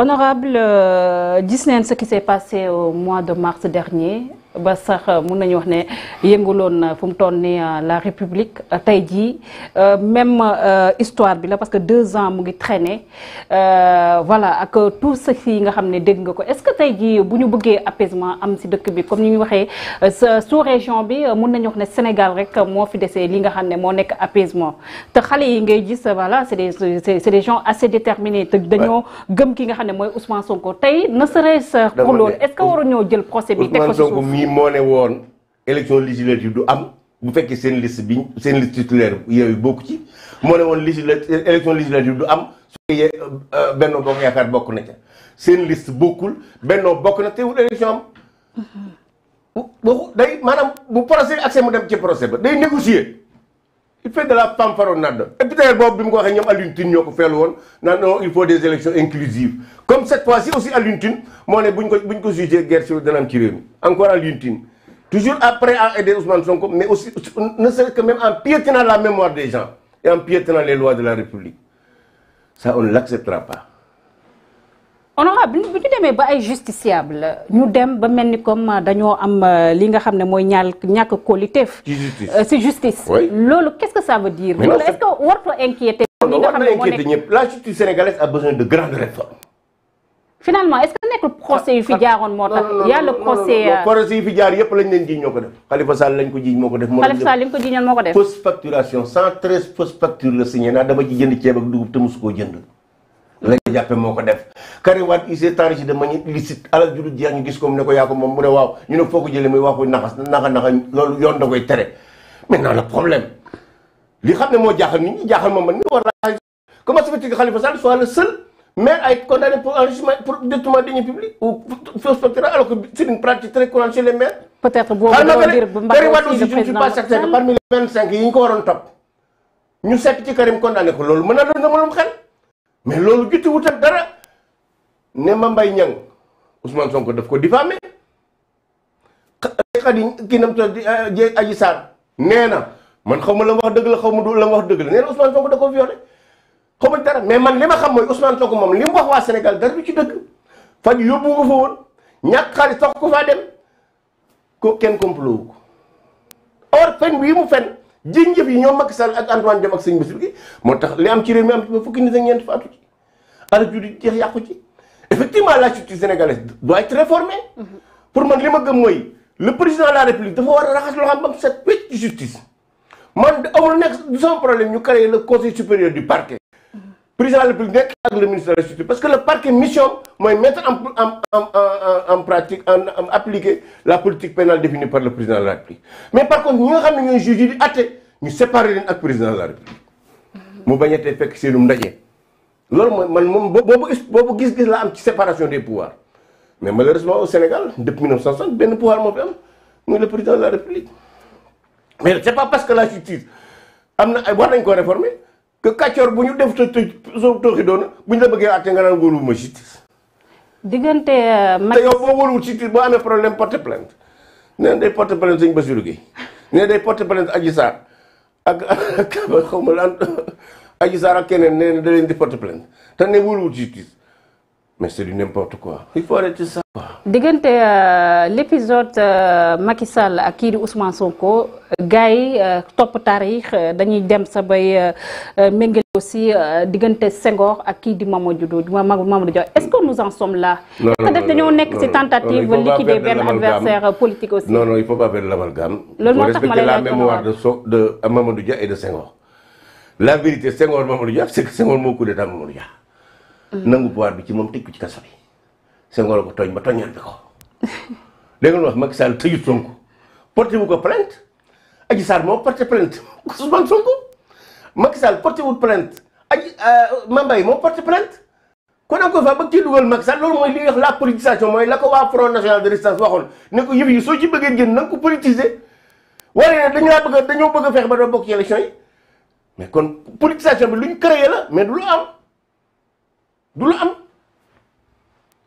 honorable euh, gis neen ce qui s'est passé au mois de mars dernier. ba sax euh, mun nañu wax ne yënguloon na euh, fu mu toll ni euh, la république tey jii même histoire bi la parce que deux ans mu ngi traîner voilà ak tout ceci yi nga xam ne dégg nga ko est-ce que tey jii bu ñu bëggee apaisement am si dëkk bi comme ni ñu waxee sous région bi mun nañu wax ne Sénégal rek moo fi desee li nga xam ne moo nekk apaisement te xale yi ngay gis voilà c'est des c'est des gens assez déterminés te dañoo gëm ki nga xam ne mooy Ousmane Sonko tey ne serait-ce pour loolu est-ce que waruñoo jël procès bi teg ko ñi moo ne woon élection législative du am bu fekkee seen liste bi seen liste titulaire yooyu bokk ci moo ne woon législative élection législative du am su fekkee euh, Benno Bokk Yaakaar bokk na ca seen liste bokkul Benno bokk na teewul élection am. bu mm-hmm. day maanaam bu procès accès mu dem ci procès ba day négocier. il fait de la fanfaronnade et puis d'ailleurs boobu bi mu ko waxee ñoom ñoo ko feelu woon naan non il faut des élections inclusives comme cette fois-ci aussi Alioune moo ne bu ñu ko bu ñu ko jugé guerre encore Alioune toujours après à aider Ousmane Sonko mais aussi ne serait-ce que même en la mémoire des gens et en piétinant les lois de la République ça on l'acceptera pas honorable bi ñu demee ba ay justiciable ñu dem ba mel ni comme euh, dañoo am euh, li nga xam ne mooy ñaal ñàkk kóoliteef si justice euh, loolu qu'est-ce que ça veut dire loolu est-ce que wartoo nga xam ne moo nekk ñëpp la justice sénégalaise a besoin de grandes réformes finalement est-ce que yu fi jaar yëpp lañ leen jiiñ ko def Khalifa Sall lañ ko jiiñ moo ko def Khalifa Sall lañ ko jiiñoon moo ko def fausse facturation 113 fausse facture la signé naa dama ci jënd ceeb ak dugub te mosu koo jënd la jàppe moo ko def Karim Wade il s'est enrichi de manière illicite alal ju dul jeex ñu gis ko mu ne moom mu ne waaw ñu ne foo ko jëlee muy wax naxas naxa naxa loolu yoon koy tere maintenant le problème li xam ne moo jaaxal nit ñi jaaxal moom man mi war a comment se fait-il que Khalifa pour enrichissement pour détournement de deniers publics ou fausse facture alors que c'est une pratique très courante chez les maires peut-être ba Karim Wade aussi ko waroon topp ñu seet ci ko loolu mën na doon nga mënum xel mais loolu jutti wut dara ne ma mbay ñaŋ Ousmane Sonko daf ko diffamé xadi kii nam to je aji Sarr nee na man xaw ma la wax dëgg la xaw ma du la wax dëgg la nee na Ousmane Sonko da ko violé xaw ma dara mais man li ma xam mooy Ousmane Sonko moom li mu wax waa Sénégal dara du ci dëgg faj yóbbu ko fa woon ñàkk xaalis tax ko faa dem ko kenn complot wu ko or fen bii mu fen jën jëf yi ñoom Macky Sall ak Antoine Diome ak sëñ Bassirou gi moo tax li am ci réew mi am ci ba fukki nit ak ñeent faatu ci alal ju di jeex yàqu ci effectivement la justice sénégalaise doit être réformée pour man li ma gëm mooy le président de la république dafa war raxas loo xam ba mu set justice man amul nekk du sama problème ñu créé le conseil supérieur du parquet président de la République nekk ak ministre de la justice parce que le parquet mission mooy mettre en en en en pratique en en appliquer la politique pénale définie par le président de la République mais par contre ñi nga xam ne ñooy juge di àtte ak président de la République. mu bañ fekk seenum ndaje. loolu mooy man moom boobu boobu gis-gis la am ci séparation des pouvoirs mais malheureusement au Sénégal depuis 1960 benn pouvoir moo fi am muy le président mais c'est pas parce que la justice am na ay war nañ koo réformer. que kàccoor bu ñu def tëj soo tooxi doon bu ñu la bëggee àtte nga naan wóoluwuma justice. diggante euh, Macky te yow boo wóoluwul justice boo amee problème porte plainte nee day porte plainte sëñ Bassirou Guèye nee day porte plainte Adji Sarr ak ak xaw ma lan Adji Sarr ak keneen nee da leen di porte plainte te ne wóoluwul justice. mais c'est du n'importe quoi il faut arrêter ça. diggante euh, l'épisode euh, Macky Sall ak kii di Ousmane Sonko euh, gars yi topp taarix dañuy dem sa bay méngale aussi diggante Senghor ak kii di Mamadou Dodo Mamadou Dia est-ce que nous en sommes là. non non non dañoo nekk ci tax ma la mémoire de so de la vérité Senghor Mamadou Dia c'est que Senghor moo coup d'état Mamadou Dia. Mm. nangu pouvoir bi ci moom tëj ko ci kaso bi Senghor ko tooñ ba tooñaat bi ko léegi lu wax Macky Sall tëjut Sonko porté wu ko plainte Adji Sarr moo porté plainte Ousmane Sonko Macky Sall porté wul plainte Adji euh, Mambaye moo porté plainte kon encore fa bëgg ci dugal Macky loolu mooy li ñuy wax la politisation mooy la ko waa Front National de Résistance waxoon ne ko yëf yi soo ci bëggee génn na nga ko politiser wala ne dañu laa bëgg dañoo bëgg feex ba doo bokk ci élection yi mais kon politisation bi lu ñu créé la mais du lu du la am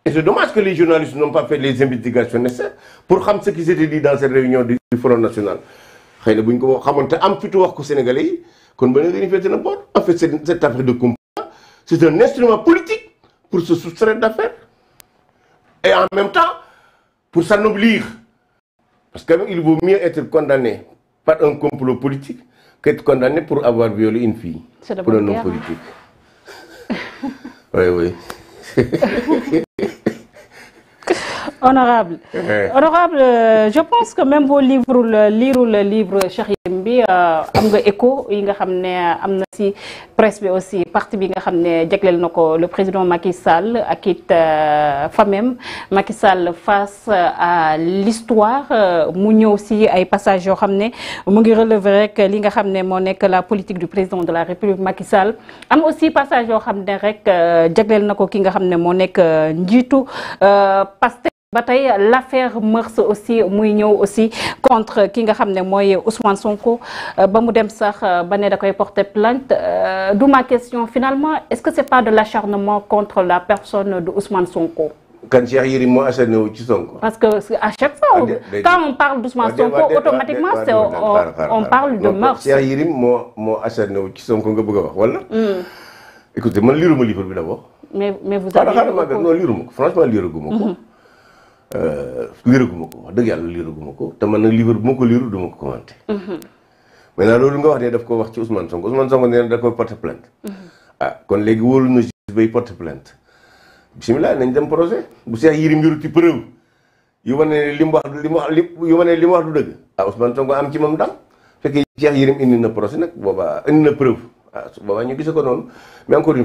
et c'est dommage que les journalistes n'ont pas fait les investigations nécessaires pour xam ce qui s'était dit dans cette réunion du front national xëy na bu ñu ko xamoon te am fitu wax ko sénégalais yi kon ba ne dañu fete na boor en fait cette affaire de complot c'est un instrument politique pour se soustraire d'affaires et en même temps pour s'ennoblir parce que il vaut mieux être condamné par un complot politique qu'être condamné pour avoir violé une fille pour un homme politique Oui, oui. honorable eh. honorable euh, je pense que même boo livrul liirul livre Cheikh Yérim bi euh, am nga écho yi nga xam ne euh, am na si presse aussi parti bi nga xam ne jagleel na ko le président Macky Sall ak it famem Macky Sall face à l'histoire mu ñëw si ay passage yoo xam ne mu ngi relever rek li nga xam ne moo nekk la politique du président de la République Macky Sall am aussi passage yoo xam ne rek jagleel na ko ki nga xam ne moo nekk njiitu ba tey l'affaire Mœurs aussi muy ñëw aussi contre ki nga xam ne mooy Ousmane Sonko euh, ba mu dem sax euh, ba ne da koy porter plainte euh, du ma question finalement est-ce que c'est pas de l'acharnement contre la personne de Ousmane Sonko. kan Cheikh Yérim moo acharné wu ci Sonko. parce que à chaque fois. quand on parle d'Ousmane Sonko automatiquement c'est on parle de Mœurs. Cheikh Yérim moo moo acharné wu ci Sonko nga bëgg a wala. Hmm. écoutez man bi d'abord. mais mais vous avez. xaaral xaaral maa ngi franchement Euh, gu ma ko wax dëgg yàlla ma ko te man nag livre bu ma ko liiru du ma ko commenté. Mhm. maintenant loolu nga wax de daf ko wax ci Ousmane Sonko Ousmane Sonko nee na da koy porter plainte. Mhm. ah kon léegi wóolu na justice bay porter plainte. bisimilah nañ dem projet bu Cheikh Yérim yoru ci preuve yu ma ne li mu wax li mu wax li yu ma ne li mu wax du dëgg ah Ousmane Sonko am ci moom daal fekkee Cheikh Yérim indi na projet nag boobaa indi na preuve ah boobaa ñu gisee ko noonu mais encore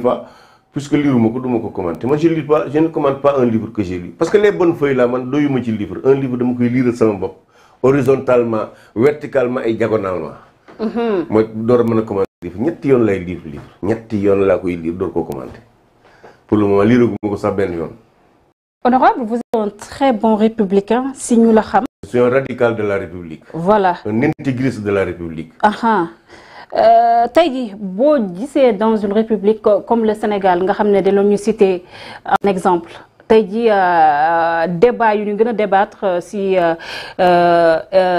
puisque liruma ko duma ko commenter man je lis pas je ne commande pas un livre que j'ai lu parce que les bonnes feuilles là man doyuma ci livre un livre dama koy lire sama bopp horizontalement verticalement et diagonalement. Mhm. mooy door mën a commenter livre ñetti yoon lay lire livre ñetti yoon laa koy lire door koo commenter pour le moment lire guma ko sax benn yoon. honorable vous êtes un bon républicain si ñu la xam. je suis de la république. voilà Euh, tey jii boo gisee dans une république comme le Sénégal nga xam ne dañoo ñu citer un exemple tey jii euh, euh, débat yu ñu gën a débattre si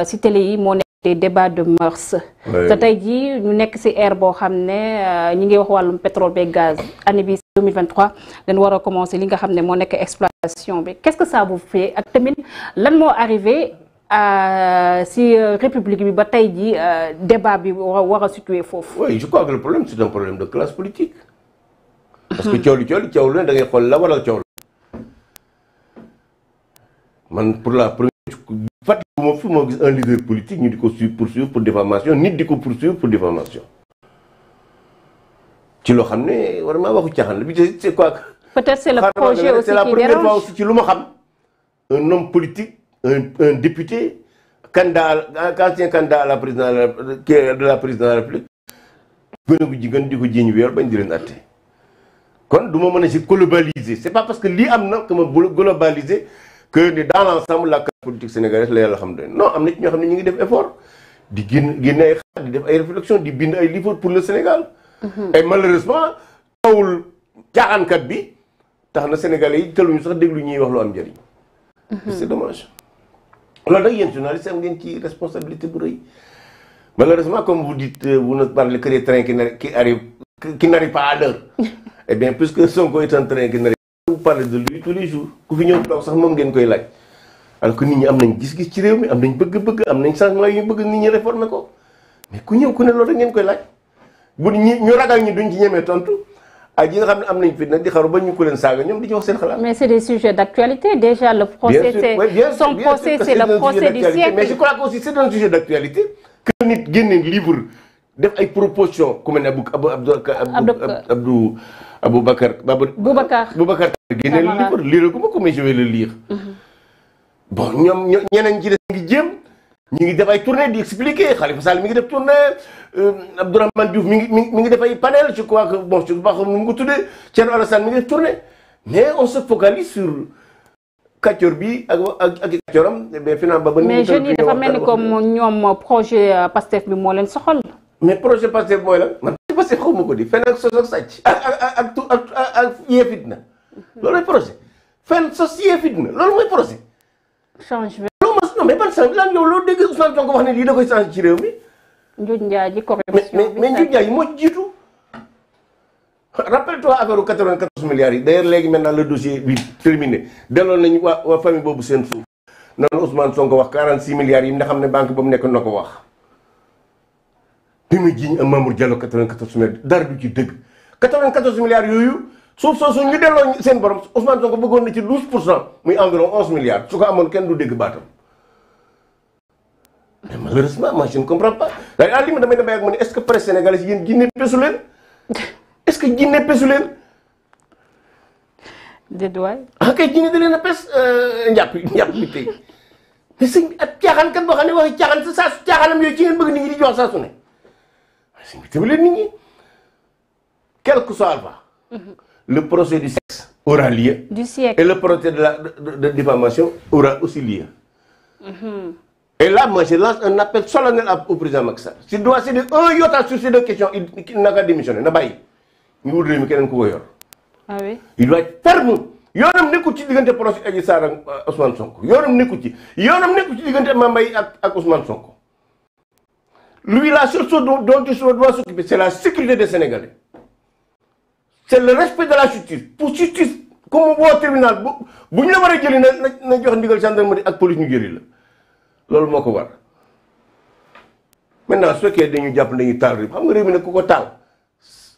si télé yi moo nekk des débats de mœurs te tey jii ñu nekk si air boo xam ne ñi ngi wax wàllum pétrole beeg gaz année bi 2023 dañ war a commencer li nga xam ne moo nekk exploitation bi qu'est-ce que ça vous fait ak tamit lan moo arrivé Euh, si euh, république bi ba tey ji euh, débat bi war a situé foofu. oui je crois que le problème c'est un problème de classe politique. parce que coow li coow li coow la da la wala coow la. man pour la première fàttali moo gis un leader politique ñu di ko suivre poursuivre pour diffamation nit di ko poursuivre pour diffamation ci loo xam ne vraiment waxu caaxaan la bi c'est quoi. peut-être c'est le projet ci lu ma xam un politique. un, un député, candidat, ancien candidat à la président de la présidence de la président gën a ko jigéen di ko jiiñ weer bañ di leen atte kon du ma mën a si globaliser c'est pas que lii am na que ma globaliser que ni dans l'ensemble la classe politique la yàlla xam ne non am na ci ñoo xam ne ñu ngi def effort di génn génne ay xalaat di def ay réflexion di bind ay livre pour le Sénégal ay mhm. malheureusement tawul caaxaankat bi tax na sénégalais yi teluñu sax déglu ñuy wax lu am njëriñ mhm. c'est loolu nag yéen journaliste am ngeen ci responsabilité bu rëy malheureusement comme vous dites euh, vous ne parlez que des trains qui n'arrivent qui arrivent qui n'arrivent pas eh de lui tous les jours ku fi ñëw toog sax moom ngeen koy laaj alors nit ñi am nañ gis-gis ci réew mi am nañ bëgg-bëgg am nañ changement yu ñu bëgg nit ñi réformer ko mais ku ñëw ku ne loolu rek ngeen koy laaj bu ñu ñu ragal ñi duñ ci ñemee tontu ak ñi nga xam ne am nañ fit nag di xaru ba ñu ko leen saaga ñoom di ci wax seen xalaat. mais c'est des sujets d'actualité déjà le procès. son procès du siècle. mais c'est un sujet d'actualité. que nit génne livre def ay propositions ku mel ne Abou Abdou Abdou Aboubacar. Boubacar Boubacar génne livre lire ko ma ko mais je vais le mhm. bon ñoom ñeneen ci ngi jéem. ñi ngi def ay tournée di expliquer Khalifa Sall mi ngi def tournée euh, Abdourahmane Diouf mi ngi mi ngi def ay panel je crois que bon je crois que nu mu mi ngi def tournée mais on se focalise sur kàccoor bi ak ak ak kàccooram mais finalement ba ba. mais jeunes yi dafa mel ni comme ñoom projet euh, Pastef bi moo leen soxal. mais projet Pastef mooy lan man projet Pastef xaw ma ko di fenn ak sos ak fitna mhm. loolu mooy projet fenn sos yee fitna loolu projet. changement. mais ban sens lan yow loolu dégg Ousmane Sonko wax ne lii da koy san ci réew mi. Ndiou Ndiaye ji corruption mais mais Ndiou Ndiaye moo jiitu. rappelle-toi affaire 94 milliards yi d'ailleurs léegi maintenant le bi terminé delloon nañu boobu seen suuf. naan Ousmane Sonko wax 46 milliards yi nga xam ne banque ba mu nekk na ko wax. bi muy jiiñ Mamour Diallo 94 milliards dara du ci dëgg 94 milliards yooyu suuf soosu ñu delloo seen borom Ousmane Sonko bëggoon na ci 12 pour cent muy environ 11 milliards su ko amoon kenn du dégg baatam. mais malheureusement moi je ne comprends pas daal à damay damay ak ma est-ce que presse sénégalaise yéen jinne pesu est-ce que jinne pesu leen. déedéet waay. ah kay jinne da leen a pes euh, njàpp njàpp bi ak caaxaan kat boo xam ne waxi caaxaan sa saa caaxaanam yooyu ci ngeen bëgg nit ñi di jox saa su ne sëñ bi tëb le le procès du sexe et le procès de la de diffamation aura aussi Et là, moi, je lance un appel solennel au président Macky Sall. S'il doit céder un iota sur ces deux questions, il n'a qu'à démissionner. Il n'a pas eu. Il n'a pas eu. Ah oui. Il doit être ferme. yoonam nekkul ci diggante proche Adji Sarr ak euh, Ousmane Sonko yoonam nekkul ci yoonam nekkul ci diggante Mame ak ak Ousmane Sonko lui la seule chose dont il doit s'occuper c'est la sécurité de Sénégalais c'est le respect de la justice pour justice comme boo tribunal bu ñu la war a jëli na na jox ndigal gendarmerie ak police ñu jëli la loolu moo ko war maintenant su fekkee dañu jàpp dañuy taal réew xam nga réew mi nag ku ko taal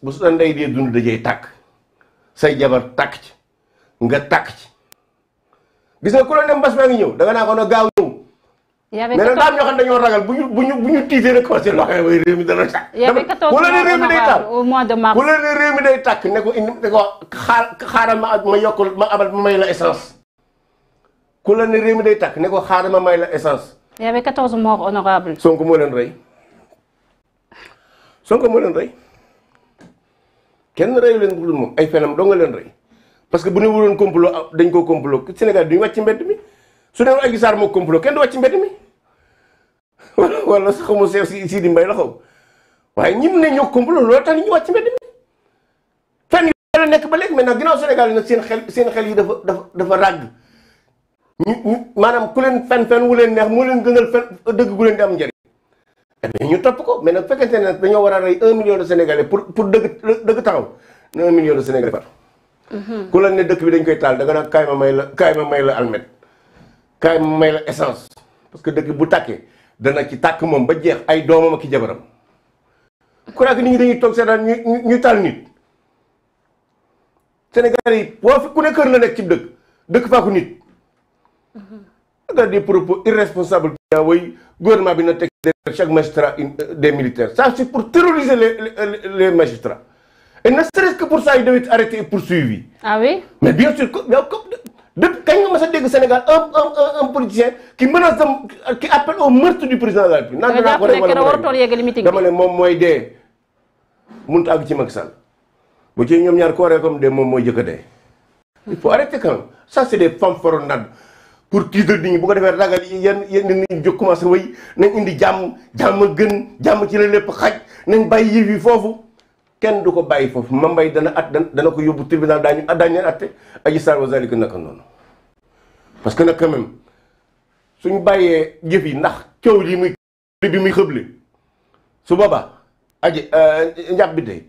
bu day ndey dee dund dajay tàkk say jabar tàkk ci nga tàkk ci gis nga ku la mbas maa ngi ñëw danga naa ko gaaw ñëw mais nag daal ñoo xam dañoo ragal bu bu bu ñu tiitee rek commencé loxo réew mi dana tàkk ku la ne réew mi day taal ku la ne ko indi ne ko xaar xaaral ma ma yokkul ma abal ma la essence ku la réew mi day tàkk ne ko xaaral ma may la essence y avait 14 morts honorables. Sonko moo leen rey Sonko moo leen rey leen ku dul ay fenam doo nga leen rey parce que bu ñu wuloon complot dañ koo complot Sénégal du ñu wàcc mbedd mi su ne Adji saar moo complot kenn du wàcc mbedd mi wala sax mu seef si si di mbay la xaw waaye ñim ne ñoo complot loolu tax ñu wàcc mbedd mi fenn ba léegi maintenant ginnaaw Sénégal yi nag seen seen xel yi dafa dafa dafa ràgg. maanaam ku leen fen fen wu leen neex mu leen gënal fen dëgg gu leen di am njëriñ. Eh, mais ñu topp ko mais nag fekkente ne dañoo war a rey un million de sénégalais pour dëgg taxaw ne un million mhm. ku la ne dëkk bi dañ koy taal da nga naan kaay ma may la ma la almet kaay ma may la essence parce que dëgg bu tàkkee dana ci tàkk moom ba jeex ay doomam ak i jabaram. kuraak nit ñi dañuy toog seetaan ñu ñu ñu taal nit. sénégalais yi boo ku ne kër la nekk ci dëkk dëkk faa ko nit. dans des propos irresponsables qui envoyé gouvernement bi na teg chaque magistrat euh, des militaires ça c'est pour terroriser les les, les magistrats et ne serait que pour ça ils devaient être arrêtés et poursuivis. ah oui mais bien sûr que depuis kañ nga mas a dégg Sénégal un un un un politicien qui menace de au meurtre du président de la République. naan danaa ko rek wala dama ne moom mooy dee. mënut a àgg ci Macky Sall bu ci ñoom ñaar ko waree comme dee moom mooy jëkk a dee. il faut arrêter pour tiital nit ñu bu ko defee ragal yenn yenn nit ñi jóg commencé wéy indi jàmm jàmm gën jàmm ci la lépp xaj nañ bàyyi yëf yi foofu kenn du ko bàyyi foofu ma mbay dana at dana ko yóbbu tribunal daañu ah, daañu leen atte aji saar wa zalika naka noonu que nag quand même jëf yi ndax coow li muy bi muy xëble su boobaa aji njàpp bi tey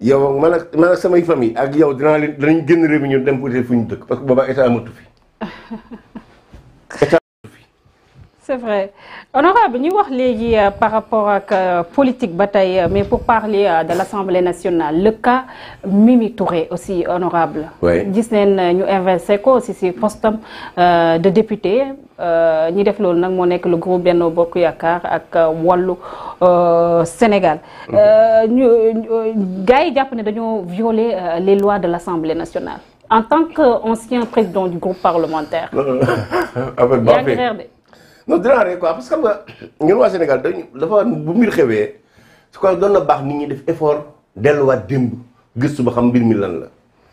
yaw man ak man ak samay famille ak yow dinaa leen danañ génn réew mi ñu dem fu ñu dëkk parce que boobaa état amatu fi c'est vrai honorable ñu wax léegi euh, par rapport ak euh, politique ba tey euh, mais pour parler de l'Assemblée nationale le cas Mimi Touré aussi honorable gis neen ñu inversé ko aussi si postam de député ñi def loolu nag moo nekk le groupe Benno Bokk Yaakaar ak Wallu Sénégal ñu gars yi jàpp ne dañoo violer les lois de l'Assemblée nationale en tant qu'ancien président du groupe parlementaire. affaire baax de yaa non dinaa ree quoi parce que xam nga ñun waa Sénégal dañu dafa bu mbir xewee su ko doon na baax nit ñi def effort delluwaat démb gis ba xam mbir mi lan la.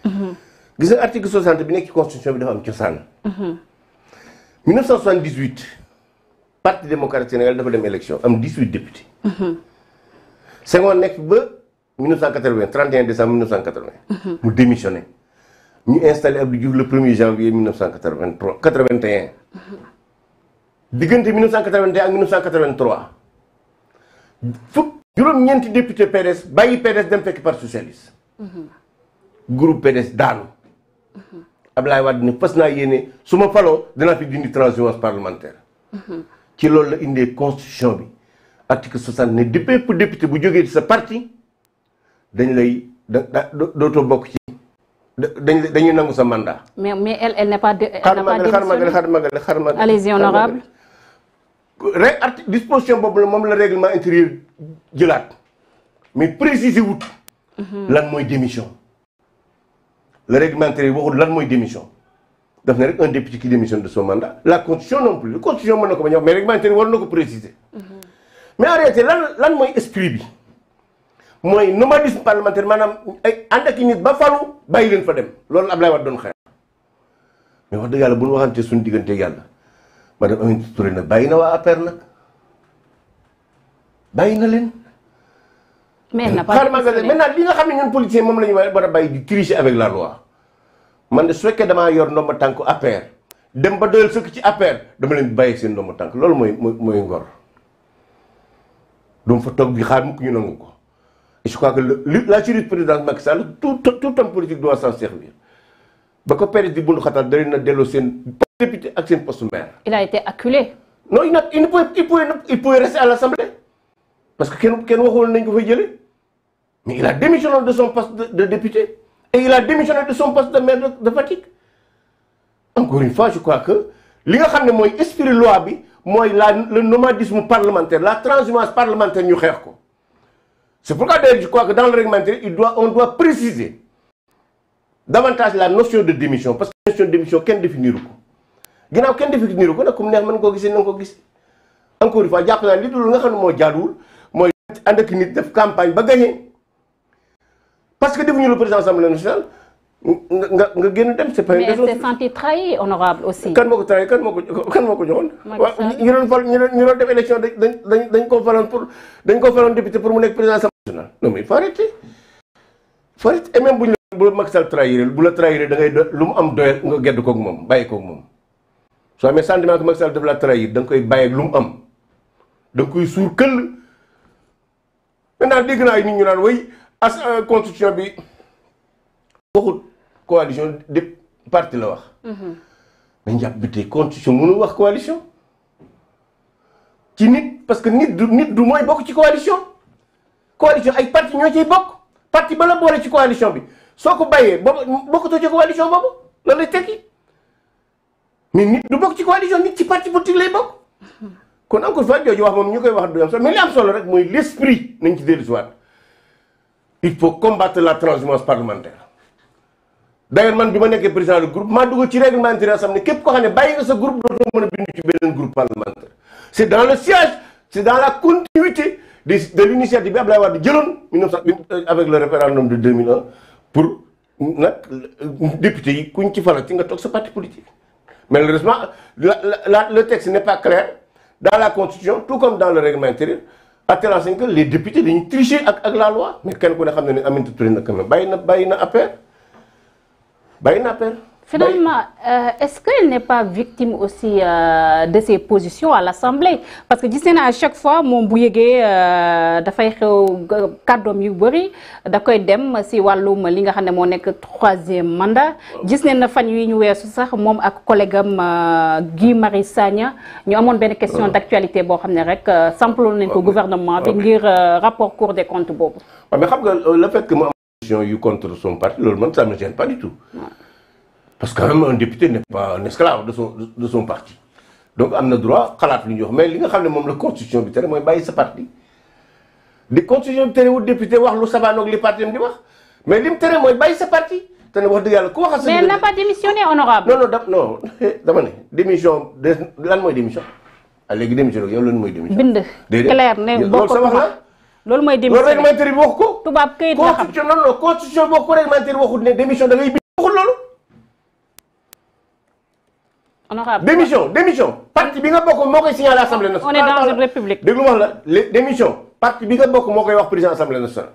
Mhm. gis nga article bi nekk ci constitution bi dafa am cosaan. 1978 mhm. parti démocratique Sénégal dafa dem élection am 18 députés. Mhm. Senghor nekk ba 1980 31 décembre 1980. mu démissionné. ñu installé Abdou Diouf le 1er janvier 1983 81 diggante 1981 ak 1983 fukk juróom-ñeenti député PDS bàyyi PDS dem fekk parti socialiste. Mhm. groupe PDS daanu. Mhm. Ablaye Wade ne fas naa yéene su ma faloo danaa fi dindi transhumance parlementaire. Mhm. ci loolu la indee constitution bi article 60 ne bépp député bu jógee ci sa parti dañ lay da dootoo bokk ci. dañu dañuy nangu sa mandat. mais mais elle elle n'est pas de. xaar magal xaar magal xaar magal xaar honorable. disposition boobu la moom la règlement intérieur jëlaat mais préciser wut. Mhm. lan mooy démission. le règlement intérieur lan mooy démission daf ne rek un député qui démissionne de son mandat. la constitution non plus la constitution mën na ko bañ a mais règlement intérieur na ko préciser. Mhm. mais en réalité lan lan mooy esprit bi. mooy nomadisme parlementaire maanaam ay ànd ak nit ba falu bàyyi leen fa dem loolu Ablaye Wade doon xeex. mais wax dëgg yàlla bu ñu waxante suñu digganteeg yàlla madame Aminata Touré nag bàyyi na waa APR nag bàyyi na leen. mais na maintenant li nga xam ne ñun politiciens moom la ñu war a bàyyi di tricher avec la loi man de su fekkee damaa yor ndomba tànk APR dem ba doyal sëkk ci APR dama leen bàyyi seen ndomba tànk loolu mooy mooy mooy ngor. du fa toog bi xaar mukk ñu nangu ko. je crois que le, la jurisprudence Macky Sall tout tout homme politique doit s'en servir ba ko Pérez di bund xatal na delloo seen député ak seen poste maire. il a été acculé. non il na il pouvait il il pouvait rester kenn kenn nañ ko fay jëlee mais il a démissionné de son poste de, de député il a démissionné de son poste de maire de, de encore une fois je crois que li nga xam ne mooy esprit loi bi mooy la le nomadisme parlementaire la transhumance parlementaire ñu xeex ko. C'est pourquoi je crois que dans le il doit, on doit préciser davantage la notion de démission parce que notion de démission kenn définiru ko ginnaaw kenn définiru ko nag ku mu neex mën koo gisee na ko gis encore une fois jàpp naa li dul nga xam ne moo jaaduwul mooy ànd ak def campagne ba gagné parce que defuñu le président de l'Assemblée nga nga génn dem. c'est pas mais elle s'est sentie honorable aussi. kan moo ko trahi kan moo ko kan moo ko joxoon. waaw ñu doon fal ñu doon ñu doon dañ dañ dañ ko faloon pour dañ ko faloon député pour mu nekk président assemblée mais il faut arrêter il bu ñu la bu la Macky Sall bu la trahiré da ngay lu mu am doyal nga gedd kook moom bàyyi koog moom. soo amee sentiment que Macky Sall daf la trahir da koy bàyyi lu mu am da nga koy suur këll. maintenant dégg naa ay nit ñu naan way as euh, constitution bi coalition de parti la wax. dañ jàpp bi tey constitution mënul wax coalition. ci nit parce que nit du du mooy bokk ci coalition. coalition ay parti ñoo ciy bokk parti ba la boole ci coalition bi soo ko bàyyee ba bokkatoo ci coalition boobu loolu lay tekki mais nit du bokk ci coalition nit ci parti politique lay bokk. kon encore une fois jooju wax moom ñu koy wax du am solo mais li am solo rek mooy l'esprit nañ ci dellusiwaat il faut combattre la transhumance parlementaire. d'ailleurs man bi ma nekkee président de groupe maa dugal ci règlement intérieur assemblée képp koo xam ne bàyyi nga sa groupe dootoo mën a bindu ci beneen groupe parlementaire c' dans le siège c' dans la continuité de de l' initiative bi Abdoulaye Wade jëloon 19 euh, avec le référendum de 2001 pour nag euh, député yi kuñ ci faral ci nga toog sa parti politique malheureusement la le texte n' est pas clair dans la constitution tout comme dans le règlement intérieur attelant que les députés dañuy tricher ak ak la loi mais kenn ku ne xam ne ne Aminata Touré na quand même bàyyi bàyyi na affaire. finalement euh, est-ce qu'elle n'est pas victime aussi euh, de ses positions à l'Assemblée parce que gis nañ chaque fois moom bu yëgee euh, dafay xew kàddoom yu bëri da koy dem si wàllum li nga xam ne moo nekk troisième mandat gis nañ na fan yi ñu weesu sax moom ak collègue am euh, Guy Marius Sagna ñu amoon benn question d'actualité boo xam ne rek samploon nañ ko ah gouvernement bi ah ngir rapport Cour des comptes boobu ah, xam nga le fait que yu contre son parti loolu man ça me gêne pas parce que quand même député n'est pas un esclave de son parti donc am na droit xalaat lu ñuy wax mais li nga xam ne moom la constitution bi tere mooy bàyyi sa parti di constitution bi tere wu député wax lu sabaanoog li parti am di wax mais li mu tere mooy bàyyi sa parti te ne wax dëgg yàlla ku wax mais n'a pas démissionné honorable non non da non dama ne démission de mooy démission ah léegi démission yow lan loolu mooy démission loolu réglementaire bi wax ko. tubaab kayit la xam constitution non non constitution boo ko réglementaire waxut ne démission da ngay bind. waxut loolu. honorable démission démission. parti bi nga bokk moo koy signaler assemblée nationale. on est dans une république. déglu ma wax la démission. parti bi nga bokk moo koy wax président assemblée nationale.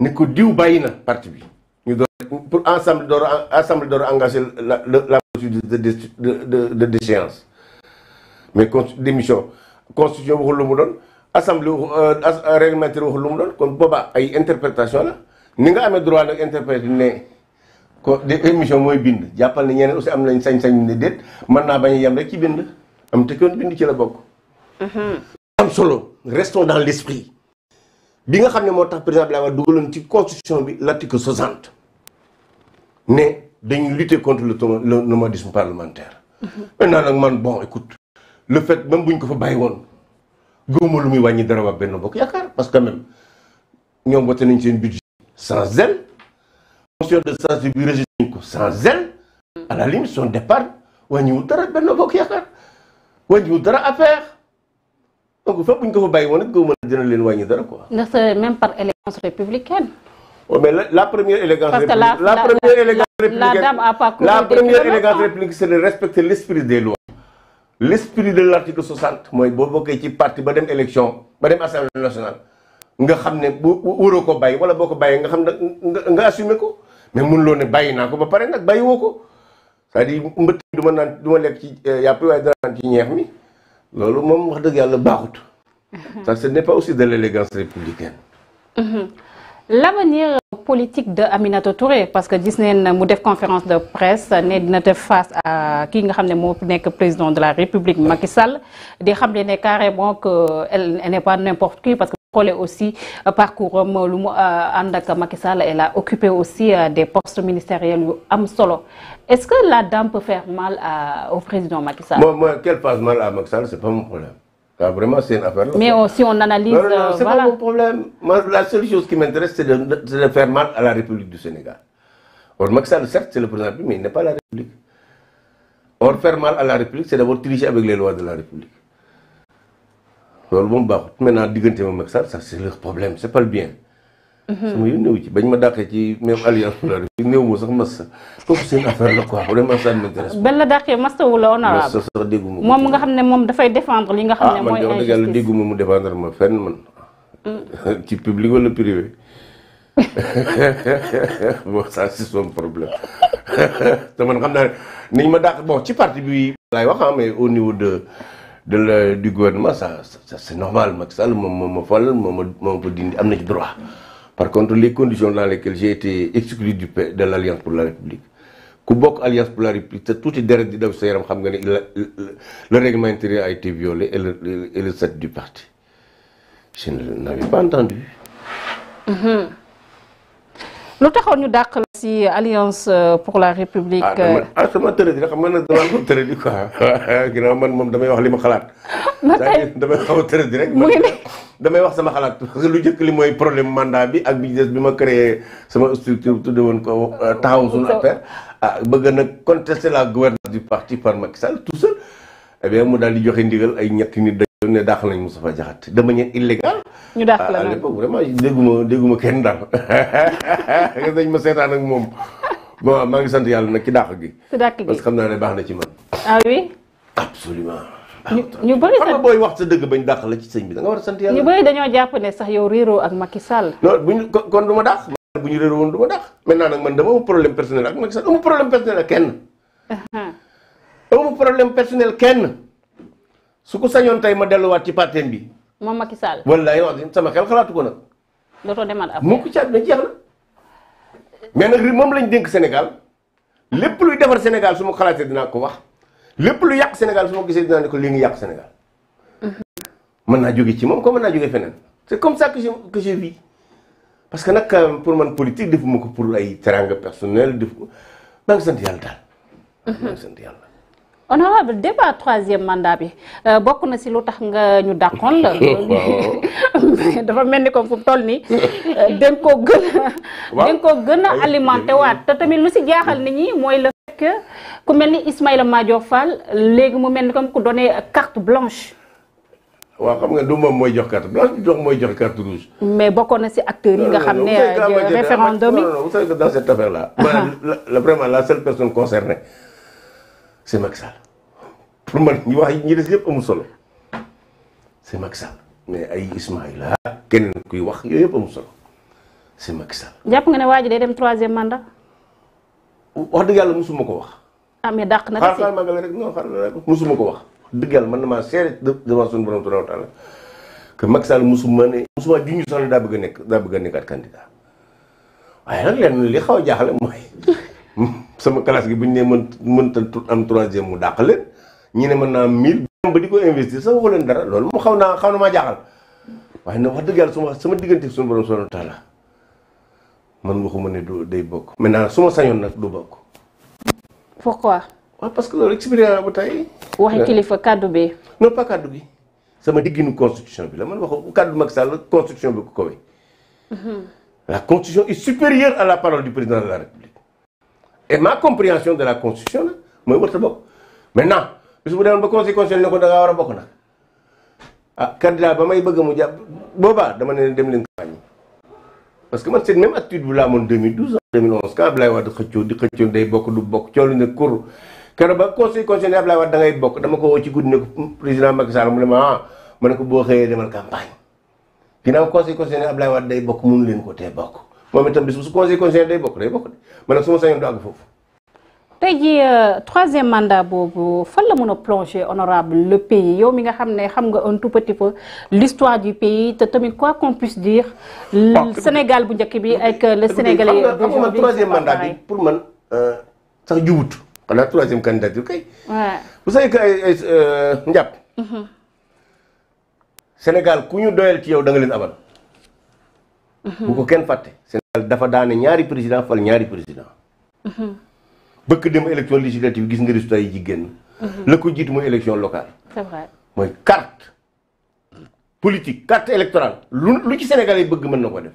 ne ko diw bàyyi na parti bi. ñu door pour ensemble door ensemble door engagé la la procédure de de de déchéance mais con démission constitution waxul lu mu doon. assemblée euh, euh, réglementaire waxul lu mu doon kon boobaa ay interprétation la ni nga amee droit nag interpréter ne ko de émission mooy bind jàppal na ñeneen aussi am nañ sañ-sañ ne déet mën naa bañ a yem rek ci bind am te koon bind ci la bokk mhm. am solo restons dans l'esprit bi nga xam ne moo tax président Abdoulaye Wade dugaloon ci constitution bi l'article 60 ne dañuy lutter contre le le nomadisme parlementaire mhm. naa nag man bon écoute le fait même buñ ko fa bàyyi woon gëwuma lu muy wàññi dara waa benn bokk parce que même ñoom wote nañ seen budget sans zèle motion de censure bi rejeté nañ ko sans à la limite son départ wàññiwul dara benn bokk yaakaar wàññiwul dara affaire bu ñu ko fa bàyyi woon dina leen wàññi dara quoi. ndax même par élégance républicaine. oui oh, mais la, la première élégance. parce a pas la première élégance républicaine c'est de respecter l'esprit des lois. l' esprit de l' article mooy boo bokkee ci parti ba dem élection ba dem assemblée nationale nga xam ne bu waroo ko bàyyi wala boo ko bàyyee nga xam ne nga assumer ko mais mun loo ne bàyyi naa ko ba pare nag bàyyi woo ko c'est-à-dire mbëtt du ma naan du ma lekk ci euh, yàpp waaye dina naan ci ñeex mi loolu moom wax dëgg yàlla baaxut. ça ce n'est pas aussi de l'élégance républicaine. Mm-hmm. L'avenir politique de Aminata Touré parce que gis neen mu def conférence de presse ne dina def face à kii nga xam ne moo nekk président de la République Macky Sall di xam ne carrément que elle, elle n'est pas n'importe qui parce que xoolee aussi euh, parcours am lu mu euh, ànd ak Macky Sall elle a occupé aussi euh, des postes ministériels yu am solo est-ce que la dame peut faire mal à, au président Macky Sall. moi moi qu'elle fasse mal à Macky c'est pas mon problème. waaw ah, vraiment c'est une affaire. mais si on analyse. Euh, voilà. la seule chose qui m'intéresse c'est de faire mal à la République du Sénégal or Macky certes c'est le président mais il n'est pas la République or faire mal à la République c'est d'abord tricher avec les lois de la République loolu moom baaxut maintenant diggante moom Macky Sall ça c'est leur problème c'est pas le bien. sama yu ci bañ ma dàqee ci même alliance pour la République néew ma sax massa foofu seen affaire la quoi vraiment ça m'intéresse benn la dàqee massa wu la woon waaw massa sax dégguma moom nga xam ne moom dafay défendre li ah, mooy injustice mu défendre ma fenn man mm. ci public wala privé bon saa c'est son problème te man xam naa niñ ma dàq bon ci parti bi laay wax ah mais au niveau de de la du gouvernement ça ça c'est normal Macky Sall moom moo ma fal moom ma moo ma ko dindi am na ci droit Par contre, les conditions dans lesquelles j'ai été exclu du, de l'Alliance pour la République, ku bokk alliance pour la république te tuuti deret di daw sa yaram xam nga ne le règlement intérieur a été violé et le et du parti je n'avais pas entendu. lu taxoon ñu dàq. aussi alliance euh, pour la république. ah, euh, ah sama tëradi la xam nag ah, moom damay wax li ma xalaat. ba damay xaw a tëradi rek. mu damay wax sama xalaat parce lu njëkk li mooy problème mandat bi ak bi ñu bi ma créé sama structure tudde woon ko euh, taxaw suñu ah, bëgg nag contester la gouvernance du parti par Macky Sall tout seul. eh bien mu daal di joxe ndigal ay ñetti nit dañu ne dàq nañ Moustapha Diakhaté de manière illégale. ñu dàq la à ah, ah, l'époque vraiment dégguma dégguma kenn daal nga dañ ma seetaan ak moom bon maa ngi sant yàlla nag ci dàq gi. ci dàq gi parce que xam naa ne baax na ci man. ah oui. absolument. ñu ah, ñu bëri sax xam nga booy wax sa dëgg bañ dàq la ci sëñ bi da nga war a sant yàlla. ñu bëri dañoo jàpp ne sax yow réeroo ak Macky Sall. non bu ñu kon du ma dàq. bu ñu réeroo woon du ma dàq. maintenant nag man dama am problème personnel ak Macky Sall amu problème personnel ak kenn. Uh-huh. amu problème personnel kenn su ko sañoon tey ma delluwaat ci parten bi. moom Macky Sall. wallaahi wax sama xel xalaatu ko nag. dootoo demaat affaire mu ko ci na jeex na. mais nag ri moom lañ dénk Sénégal lépp luy defar Sénégal su ma xalaatee dinaa ko wax lépp lu yàq Sénégal su ma gisee dinaa ko lii ngi yàq Sénégal. mën naa jóge ci moom comme mën naa jóge feneen c'est comme ça que je que je vis parce que nag euh, pour man politique mu ko pour ay teranga personnel def ko maa ngi sant yàlla daal. sant yàlla. honorable débat troisième mandat bi euh, bokk na si lu tax nga ñu dàqoon la. dafa mel ni comme fu mu toll nii. Euh, dañ koo gën a. dañ koo te tamit lu si jaaxal nit ñi mooy la fait ku mel ni Ismaïla Madior Fall léegi mu mel ni comme ku donné carte blanche. waa xam nga du moom mooy jox carte blanche bi jox mooy jox carte rouge. mais bokkoon na si acteurs yi nga xam ne référendum yi. non non dans cette affaire là. la vraiment la seule personne concernée. c'est Macky Sall pour man ñi wax ñi des yëpp amul solo c'est Macky Sall mais ay Ismaïla keneen kuy wax yooyu yëpp amul solo c'est Macky Sall. nga ne waa ji day dem troisième mandat. wax dëgg yàlla musuma ko wax. ah mais dàq na ko si ko wax. wax yàlla man damaa seere devant suñu borom subhanahu wa taala que Macky Sall musuma ne musuma juñu sax daa bëgg a nekk daa bëgg a nekkaat candidat waaye nag lenn li xaw a jaaxle mooy. sama classe gi bu ñu nee mën mënta am troisième mu dàq leen ñi ne mën naa am mille ba di ko investir sa waxu dara loolu mu xaw naa xaw na maa jaaxal waaye nag wax dëgg yàlla su ma sama diggante suñu borom subhanahu wa taala man ne du day bokk maintenant su ma sañoon nag du bokk pourquoi waaw parce que loolu expérience bu tey waxee kilifa kàddu bi non pas kàddu bi sama digginu constitution bi la man wax kàddu Macky Sall constitution bi ko kowee mhm. la constitution est supérieure à la parole du président la république e ma compréhension de la constitution la mooy warta bokk maintenant bis bu ba conseil constitutionnel ne ko war a bokk nag ah candidat ba may bëgg mu jàpp boobaa dama ne dem leen campagne parce que man c'est même attitude bu laa amoon 2012 2011 quand Abdoulaye Wade xëccoo di xëccoo day bokk du bokk coolu ne kur keroog ba conseil constitutionnel Abdoulaye Wade da ngay bokk dama ko woo ci guddi ne ko hmm, président Macky Sall mu ne ma ah ma ne ko boo xëyee demal campagne ginnaaw conseil constitutionnel Abdoulaye Wade day bokk mënu leen ko te bokk moom itam bis bu su conseil conseil day bokk day bokk de man nag su ma sañoon du àgg foofu. tey jii euh, troisième mandat boobu fan la mën a plonger honorable le pays yow mi nga xam ne xam nga un tout petit peu l'histoire du pays te tamit quoi qu'on puisse dire. Sénégal bu njëkk bi ak euh, le Sénégalais. xam pour man euh, sax jubut. xanaa troisième candidature kay. waaw vous ay ay njàpp. Mhm. Sénégal ku ñu doyal ci yow da nga leen abal. Mhm. Sénégal dafa daane ñaari président fal ñaari président mhm. bëkk dem élection législative gis nga résultat yi ci génn mhm. la ko jiitu mooy élection locale c'est mooy carte politique carte électorale lu lu ci Sénégal yi bëgg mën na ko def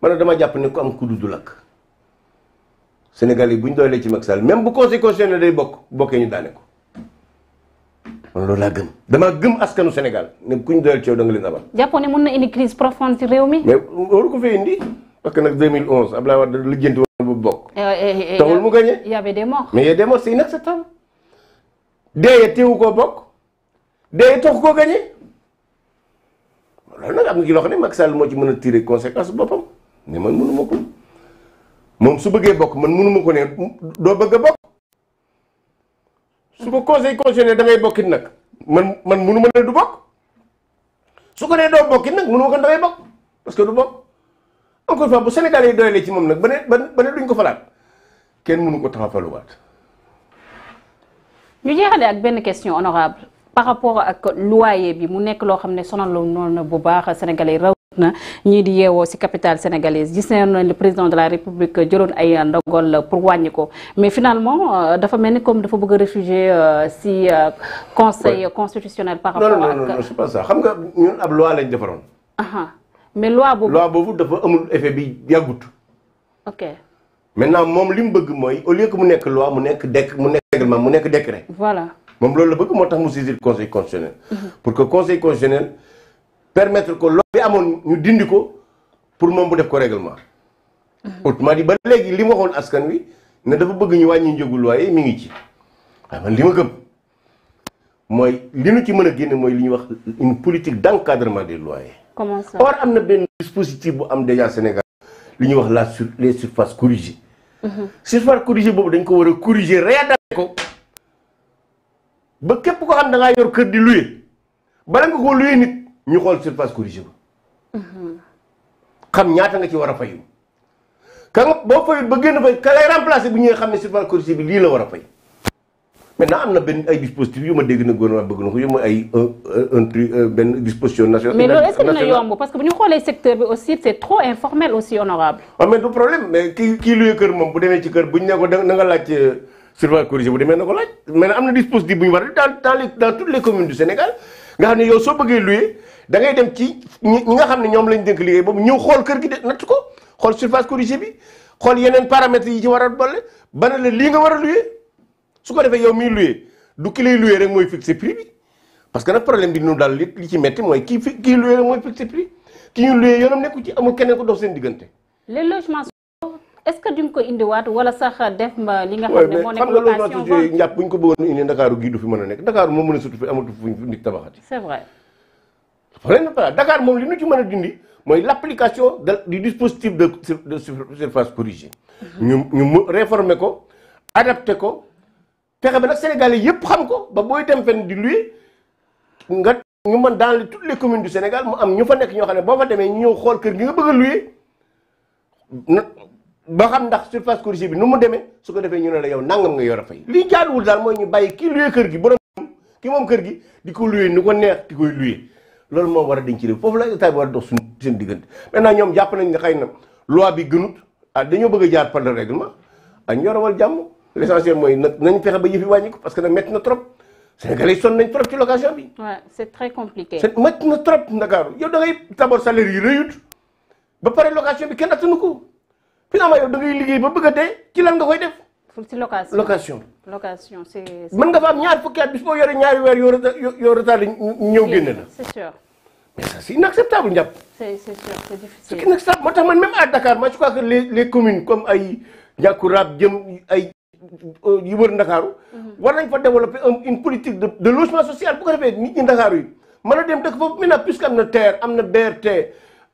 man dama jàpp ne ku am ku du lakk Sénégal yi bu ñu doylee ci Macky Sall même bu conseil constitutionnel day bokk bokkee ñu daane ko man loolu laa gëm damaa gëm askanu Sénégal ne ku ñu doyal ci yow da leen abal. jàppoon ne mën na indi crise profonde parce que nag 2011 Abdoulaye Wade lijjanti woon bu bokk. Eh, eh, eh, taxul mu gagné. y avait des morts. mais y a des morts c'est inacceptable. dee ya teewu koo bokk. dee ya taxu koo gagné. loolu nag am na xam ne Macky Sall moo ci mën a tiré conséquence boppam ne man mënu ko su bëggee bokk man mënu ma ne doo bëgg a bokk. su ko conseil constitutionnel da bokkit nag man man mënu ma ne du bokk. su ko nee doo bokkit nag mënu ko da ngay bokk parce du bokk. encore une fois bu Sénégal yi doyalee ci moom nag ba ne ba ne duñ ko falaat kenn mënu ko tax a faluwaat. ñu jeexale ak benn question honorable par rapport ak loyer bi mu nekk loo xam ne sonal la noonu bu baax sénégalais raw na ñii di yeewoo ci capitale sénégalaise gis nañu le président de la république jëloon ay ndogal pour wàññi mais finalement euh, dafa mel ni comme dafa bëgg a réfugié euh, ci euh, conseil constitutionnel. par rapport ak non xam nga ñun ab loi lañ defaroon. mais loi boobu loi boobu dafa amul effet bi yàggut. ok maintenant moom li mu bëgg mooy au lieu que mu nekk loi mu nekk décret mu nekk règlement mu nekk décret. voilà moom loolu la bëgg moo tax mu saisir conseil constitutionnel. Mhm. pour que conseil constitutionnel permettre ko loi amoon ñu dindi ko pour moom bu def ko règlement. Mhm. autrement dit ba léegi li mu waxoon askan wi ne dafa bëgg ñu wàññi njëgu loi yi ngi ci. waaw man li ma gëm mooy li nu ci mën a génne mooy li ñuy wax une politique d' encadrement des loyers. comment ça or am na benn dispositif bu am déjà Sénégal lu ñuy wax la sur les surfaces corrigées. Mhm. surface corrigée boobu dañ ko war a corriger réadapté ko ba képp ko xam da yor kër di loué bala nga koo loué nit ñu xool surface corrigée ba. Mhm. xam ñaata nga ci war a fayu. ka nga boo fayut ba génn fay ka lay remplacer bu ñuy xam ne surface corrigée bi lii la war a fay. maintenant am na benn ay dispositifs ma dégg na gouvernement bëgg na ko yu euh, euh, euh, que dina yomb parce que bu ñu xoolee secteur bi xam ne yow soo bëggee luye da ngay dem ci ñi nga xam ne ñoom lañ dénk liggéey boobu ñëw xool kër gi de natt ko xool surface corrigée bi xool yeneen paramètres yi ci war a boole ba ne la lii nga war a luye su ko defee yow miy loué du ki lay rek mooy fixé prix bi parce que nag problème bi ñu daal li ci metti mooy kii fi kii loué rek mooy fixé prix ki ñu loué yoonam nekku ci amul keneen ko dox wala sax def ma li nga xam ne moo ñu ko fi mën a nekk Dakar moom mën a sutu fi amatu fuñ nit tabaxati. c'est vrai. moom li ñu ci mën a dindi mooy l'application du dispositif de de surface corrigée. Mhm. ñu ñu réformer ko adapter ko. pexe ba nag Sénégalais yëpp xam ko ba booy dem fenn di luy nga ñu mën daal les toutes les du Sénégal mu am ñu fa nekk ñoo xam ne boo fa demee ñu ñëw xool kër gi nga bëgg luy ba xam ndax surface corrigée bi nu mu demee su ko defee ñu ne la yow nangam nga yor a fay li jaaduwul daal mooy ñu bàyyi ki luy kër gi borom ki moom kër gi di ko luy nu ko neex di koy luy loolu moom war a denc réew foofu la état bi dox suñu seen diggante maintenant ñoom jàpp nañ ne xay na loi bi gënut ah dañoo bëgg a jaar par le règlement ak ah jàmm l' essentiel mooy nag nañ fexe ba yëf yi wàññi ko parce que nag métti na trop trop ci location bi. waaw Ndakaaru yow da ngay d' rëyut ba pare location bi kenn attanu ko finalement yow da liggéey ba bëgg a dee lan nga koy def. ci location location. location c' est. mën nga fa am ñaar fukki at bis boo yore ñaari weer yoo yoo retardé ñëw génn la. c' mais ça c' est inacceptable moo tax man même à Dakar moi je crois que les les comme ay Ndiakourab jëm Euh, yi wër Ndakaaru mhm. war nañ fa développer une politique de logement social bu ko defee nit ñi Ndakaaru yi mën a dem dëkk foofu maintenant puisque am na TER am na BRT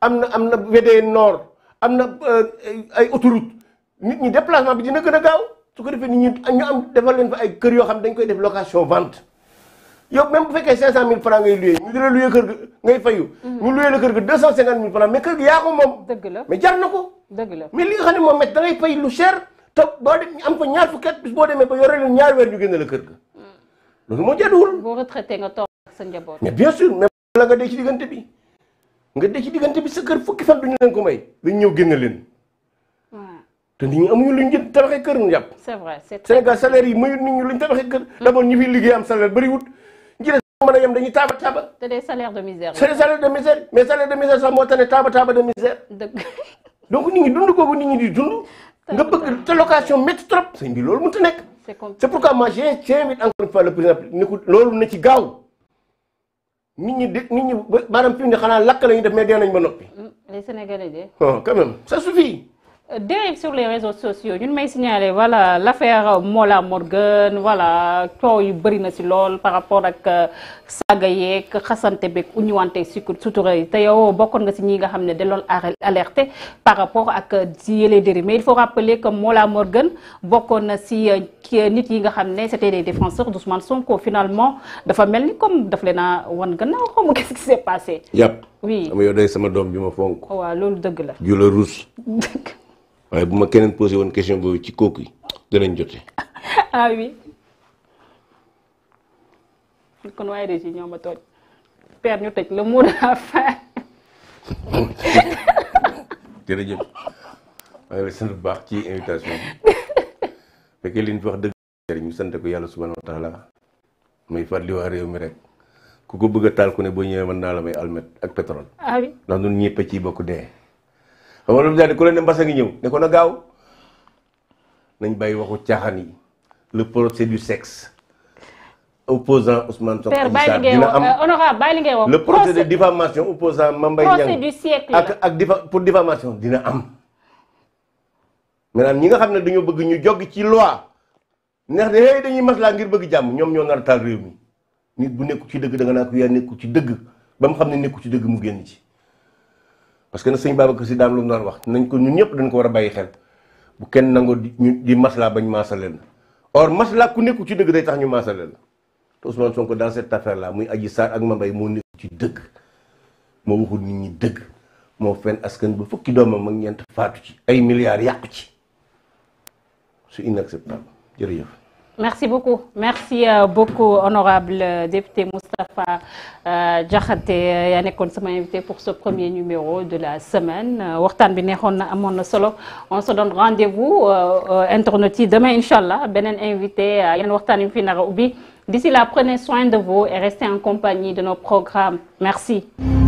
am na am na VDN Nord am na euh, ay autoroute nit ñi déplacement bi dina gën a gaaw su ko defee nit ñi am defal leen fa ay kër yoo xam dañ koy def location vente yow même bu fekkee 500000 francs ngay luyee ñu di la kër ga ngay fayu. Mhm. ñu luyee la kër ga 250000 francs mais kër gi yaa ko moom. dëgg la jar na ko. dëgg la mais li xam ne moom it da ngay fay lu cher. te boo de am fa ñaar fukki bis boo demee ba yore leen ñaari weer ñu génne la kër ga. loolu moo jaaduwul. boo retraité nga toog ak sa njaboot. mais bien sûr mais la nga dee ci diggante bi nga dee ci sa kër fukki fan duñu leen ko may dañ ñëw génne leen. te nit ñi amuñu luñ jënd tabaxee kër ñu jàpp. c'est vrai yi mayut nit ñi luñ tabaxee kër. d'abord ñu fi liggéey am salaire bëriwut. ñu ne a yem dañuy taaba taaba. te des salaires de misère. c'est des salaires de misère mais salaire de misère moo tax ne taaba taaba de misère. donc nit ñi dund googu nit ñi dund. nga bëgg te location métti trop sëñ bi loolu mu a nekk. c'est pourquoi moi j'invite encore bi fois le président ni ko loolu na ci gaaw nit ñi di nit ñi maanaam fi mu ne xanaa lakk la ñuy def mais dee nañ ba noppi. Mm, les Sénégalais sa bon oh, quand direct sur les réseaux sociaux ñun may signaler voilà l'affaire Mola Morgan voilà coow yu bëri na ci lool par rapport ak euh, saaga yeeg xasante beeg uñuwante si sutura yi te yow bokkoon nga ci ñi nga xam ne daloon alerté par rapport ak si euh, yële dérive mais il faut rappeler que Mola Morgan bokkoon na euh, ci nit yi nga xam ne c'était des défenseurs d'Ousmane Sonko finalement dafa mel ni comme daf leen wan gannaaw xaw ma quest qui s'est passé. yàpp oui am yow day sama doom bi dëgg la. ju la waaye bu ma keneen posé woon question boobu ci kooku yi danañ jote. ah oui kon waaye de ci ñoom a tooj ñu tëj le mot de fin. jërëjëf baax ci invitation fekkee li fi wax dëgg ñu sant ko yàlla subhanahu wa taala may fàttali waa réew mi rek ku ko bëgg a taal ku ne boo ñëwee mën naa la may almet ak pétrole. ah oui ndax ñun ñëpp ci bokk de xam loolu daal ku leen ne mbas a ngi ko na gaaw waxu caaxaan yi le procès du sexe opposant Ousmane dina am euh, honorable bàyyi li ngay wax le procès de diffamation ak ak difa pour diffamation dina am maanaam ñi nga xam ne dañoo bëgg ñu jog ci loi neex de hey dañuy laa ngir bëgg jàmm ñoom ñoo nar a taal réew mi nit bu nekku ci dëgg da naa ko yaa nekku ci dëgg ba mu xam ne nekku ci dëgg mu génn ci parce que na sëñ Babacar si daam lu mu doon wax nañ ko ñun ñëpp dañ ko war a bàyyi xel bu kenn nangoo di di maslaa bañ maasaleel la or maslaa ku nekku ci dëgg day tax ñu maasaleel la te Ousmane Sonko dans cette affaire là muy Adji saar ak Mame Mbaye moo nekk ci dëgg moo waxul nit ñi dëgg moo fenn askan ba fukki doomam mag ñeent faatu ci ay milliards yàqu ci c'est inacceptable jërëjëf merci beaucoup merci euh, beaucoup honorable euh, député Moustapha euh, Diakhaté yaa nekkoon sama invité pour ce premier numéro de la semaine waxtaan bi neexoon na amoon na solo on se donne rendez-vous internautes yi demain incha allah beneen invité yeneen waxtaan yu fi nar a ubbi d'ici là prenez soin de vous et restez en compagnie de nos programmes merci